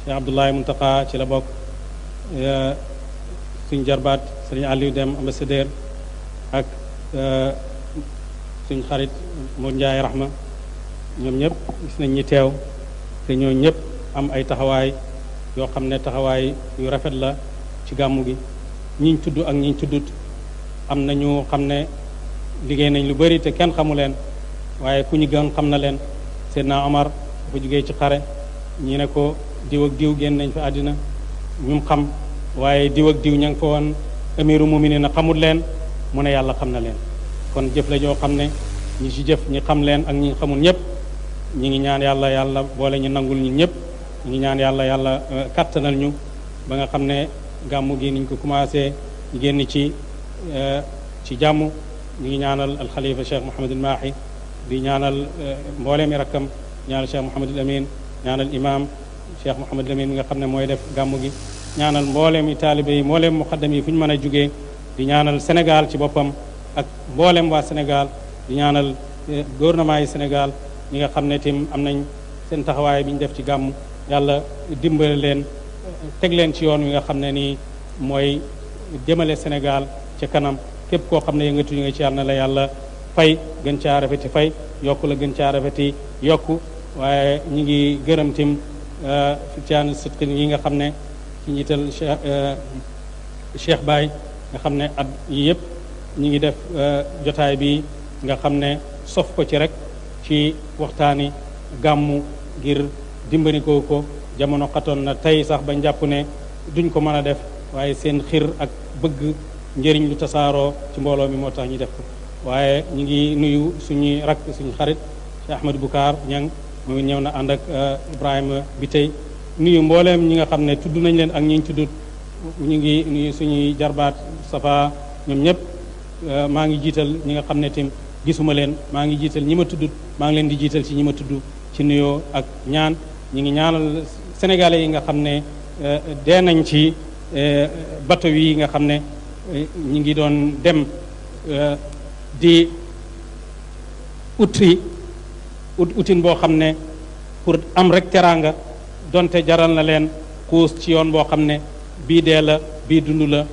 Cheikh Abdoulaye Muntaka ci la bokk suñ jarbaat sëriñ Aliou Dem ambassadeur ak suñ xarit Mour Ndiaye Rahma ñoom ñëpp gis nañ ñi teew te ñoo ñëpp am ay taxawaay yoo xam ne taxawaay yu rafet la ci gàmmu gi ñiñ tudd ak ñiñ tuddut am na ñu xam ne liggéey nañ lu bari te kenn xamu leen waaye ku ñu gën xam na leen Seydina Omar bu jugee ci xare ñi ne ko diw ak diw génn nañ àddina ñu xam waaye diw ak diw ña ngi fa woon amiru muminin na xamul leen mu ne yàlla xam na leen kon jëf la joo xam ne ñi ci jëf ñi xam leen ak ñi xamul ñëpp ñi ngi ñaan yàlla yàlla boole ñu nangul ñun ñëpp ñu ngi ñaan yàlla yàlla euh, kattanal ñu ba nga xam ne gàmmu gi niñ ko commencé ñu génn ci euh, ci jàmm ñu ngi ñaanal alxalifa cheikh Mouhamadul Mahi di ñaanal euh, mbooleemi rakkam ñaanal cheikh Mouhamadul Amin ñaanal imam cheikh Mouhamadul Amin mi nga xam ne mooy def gàmmu gi ñaanal mbooleemi taalibe yi mbooleem muqaddam yi fu ñu mën a jugee di ñaanal Sénégal ci boppam ak mbooleem wa Sénégal di ñaanal gouvernement yi Sénégal mi nga xam ne tim am nañ seen taxawaay bi ñu def ci gàmmu yàlla dimbale leen teg leen ci yoon wi nga xam ne nii mooy demale Sénégal ci kanam képp koo xam ne yëngatuñu nga ci yàlla na la yàlla fay gën caa rafeti fay yokku la gën caa rafeti yokku waaye ñi ngi gërëm tim fitiaan euh, sitkin yi nga xam ne ci njiital Cheikh euh, Baye nga xam ne at yi yëpp ñi ngi def euh, jotaay bi nga xam ne sof ko ci rek ci waxtaani gàmmu ngir dimbanikoo ko jamono xatoon na tey sax ba njàpp ne duñ ko mën def waaye seen xir ak bëgg njëriñ lu tasaaroo ci mbooloo mi moo tax ñu def ko waaye ñu ngi nuyu suñuy rak suñu xarit Cheikh Ahmed Boucar ñang moom it na ànd ak euh, Ibrahima bi tey nuyu mbooleem ñi nga xam ne tudd nañ leen ak ñi ñu tuddut ngi nuyu suñuy jarbat safa ñoom ñëpp euh, maa ngi jiital ñi nga xam tim gisuma leen maa ngi jiital ñi ma ngi leen di ci ci ak ñaan ñi ngi ñaanal sénégalais yi nga xam ne euh, dee nañ ci euh, bateau yi nga xam ne euh, ñi ngi doon dem di utri ut utin boo xam ne pour am rek teraanga donte jaral na leen kuus ci yoon boo xam ne bii dee la bii dund la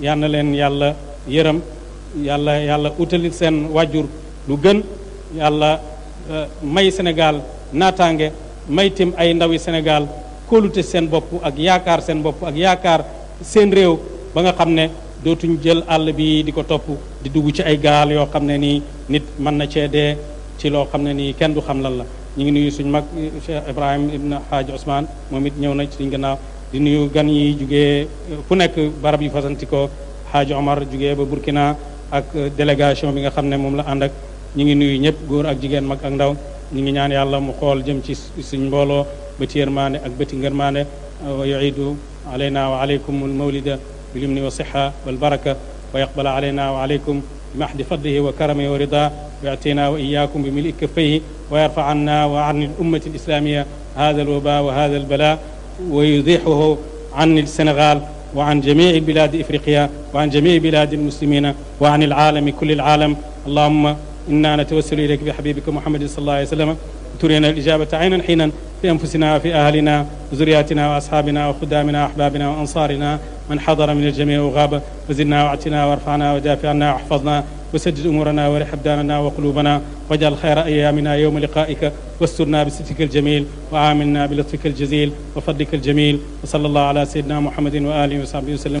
yal na leen yàlla yërëm yàlla yàlla utali seen wàjjur lu gën yàlla may Sénégal naataange maytim ay ndawi sénégal kóolute sen sen ak yaakar sen bop ak yaakar sen rew ba nga xamne ne jël all bi di top di dugg ci ay gaal yo xamne ni nit man na ci kamne ci lo xamne ni nii kenn du xam lan la ñi ngi nuyu suñ mag euh, cheikh ibrahim ibn Haji usman momit ñew na na suñ gannaaw di nuyu gan yi jugee euh, fu nek barab yu fasantiko haaj omar jugee ba burkina ak euh, délégation bi nga xamne mom la ànd ak ñu ngi nuyu ñep goor ak jigen mag ak ndaw ñi yàlla علينا وعليكم المولد باليمن والصحة والبركة ويقبل علينا وعليكم بمحض فضله وكرمه ورضاه ويعطينا وإياكم بملء كفيه ويرفع عنا وعن الأمة الإسلامية هذا الوباء وهذا البلاء ويزيحه عن السنغال وعن جميع بلاد إفريقيا وعن جميع بلاد المسلمين وعن العالم كل العالم اللهم إنا نتوسل إليك بحبيبك محمد صلى الله عليه وسلم ترينا الإجابة عينا حينا في أنفسنا وفي أهلنا وزرياتنا وأصحابنا وخدامنا وأحبابنا وأنصارنا من حضر من الجميع وغاب وزدنا وعتنا وارفعنا ودافعنا وحفظنا واحفظنا وسجد أمورنا ورح أبداننا وقلوبنا واجعل خير أيامنا يوم لقائك واسترنا بسترك الجميل وآمنا بلطفك الجزيل وفضلك الجميل وصلى الله على سيدنا محمد وآله وصحبه وسلم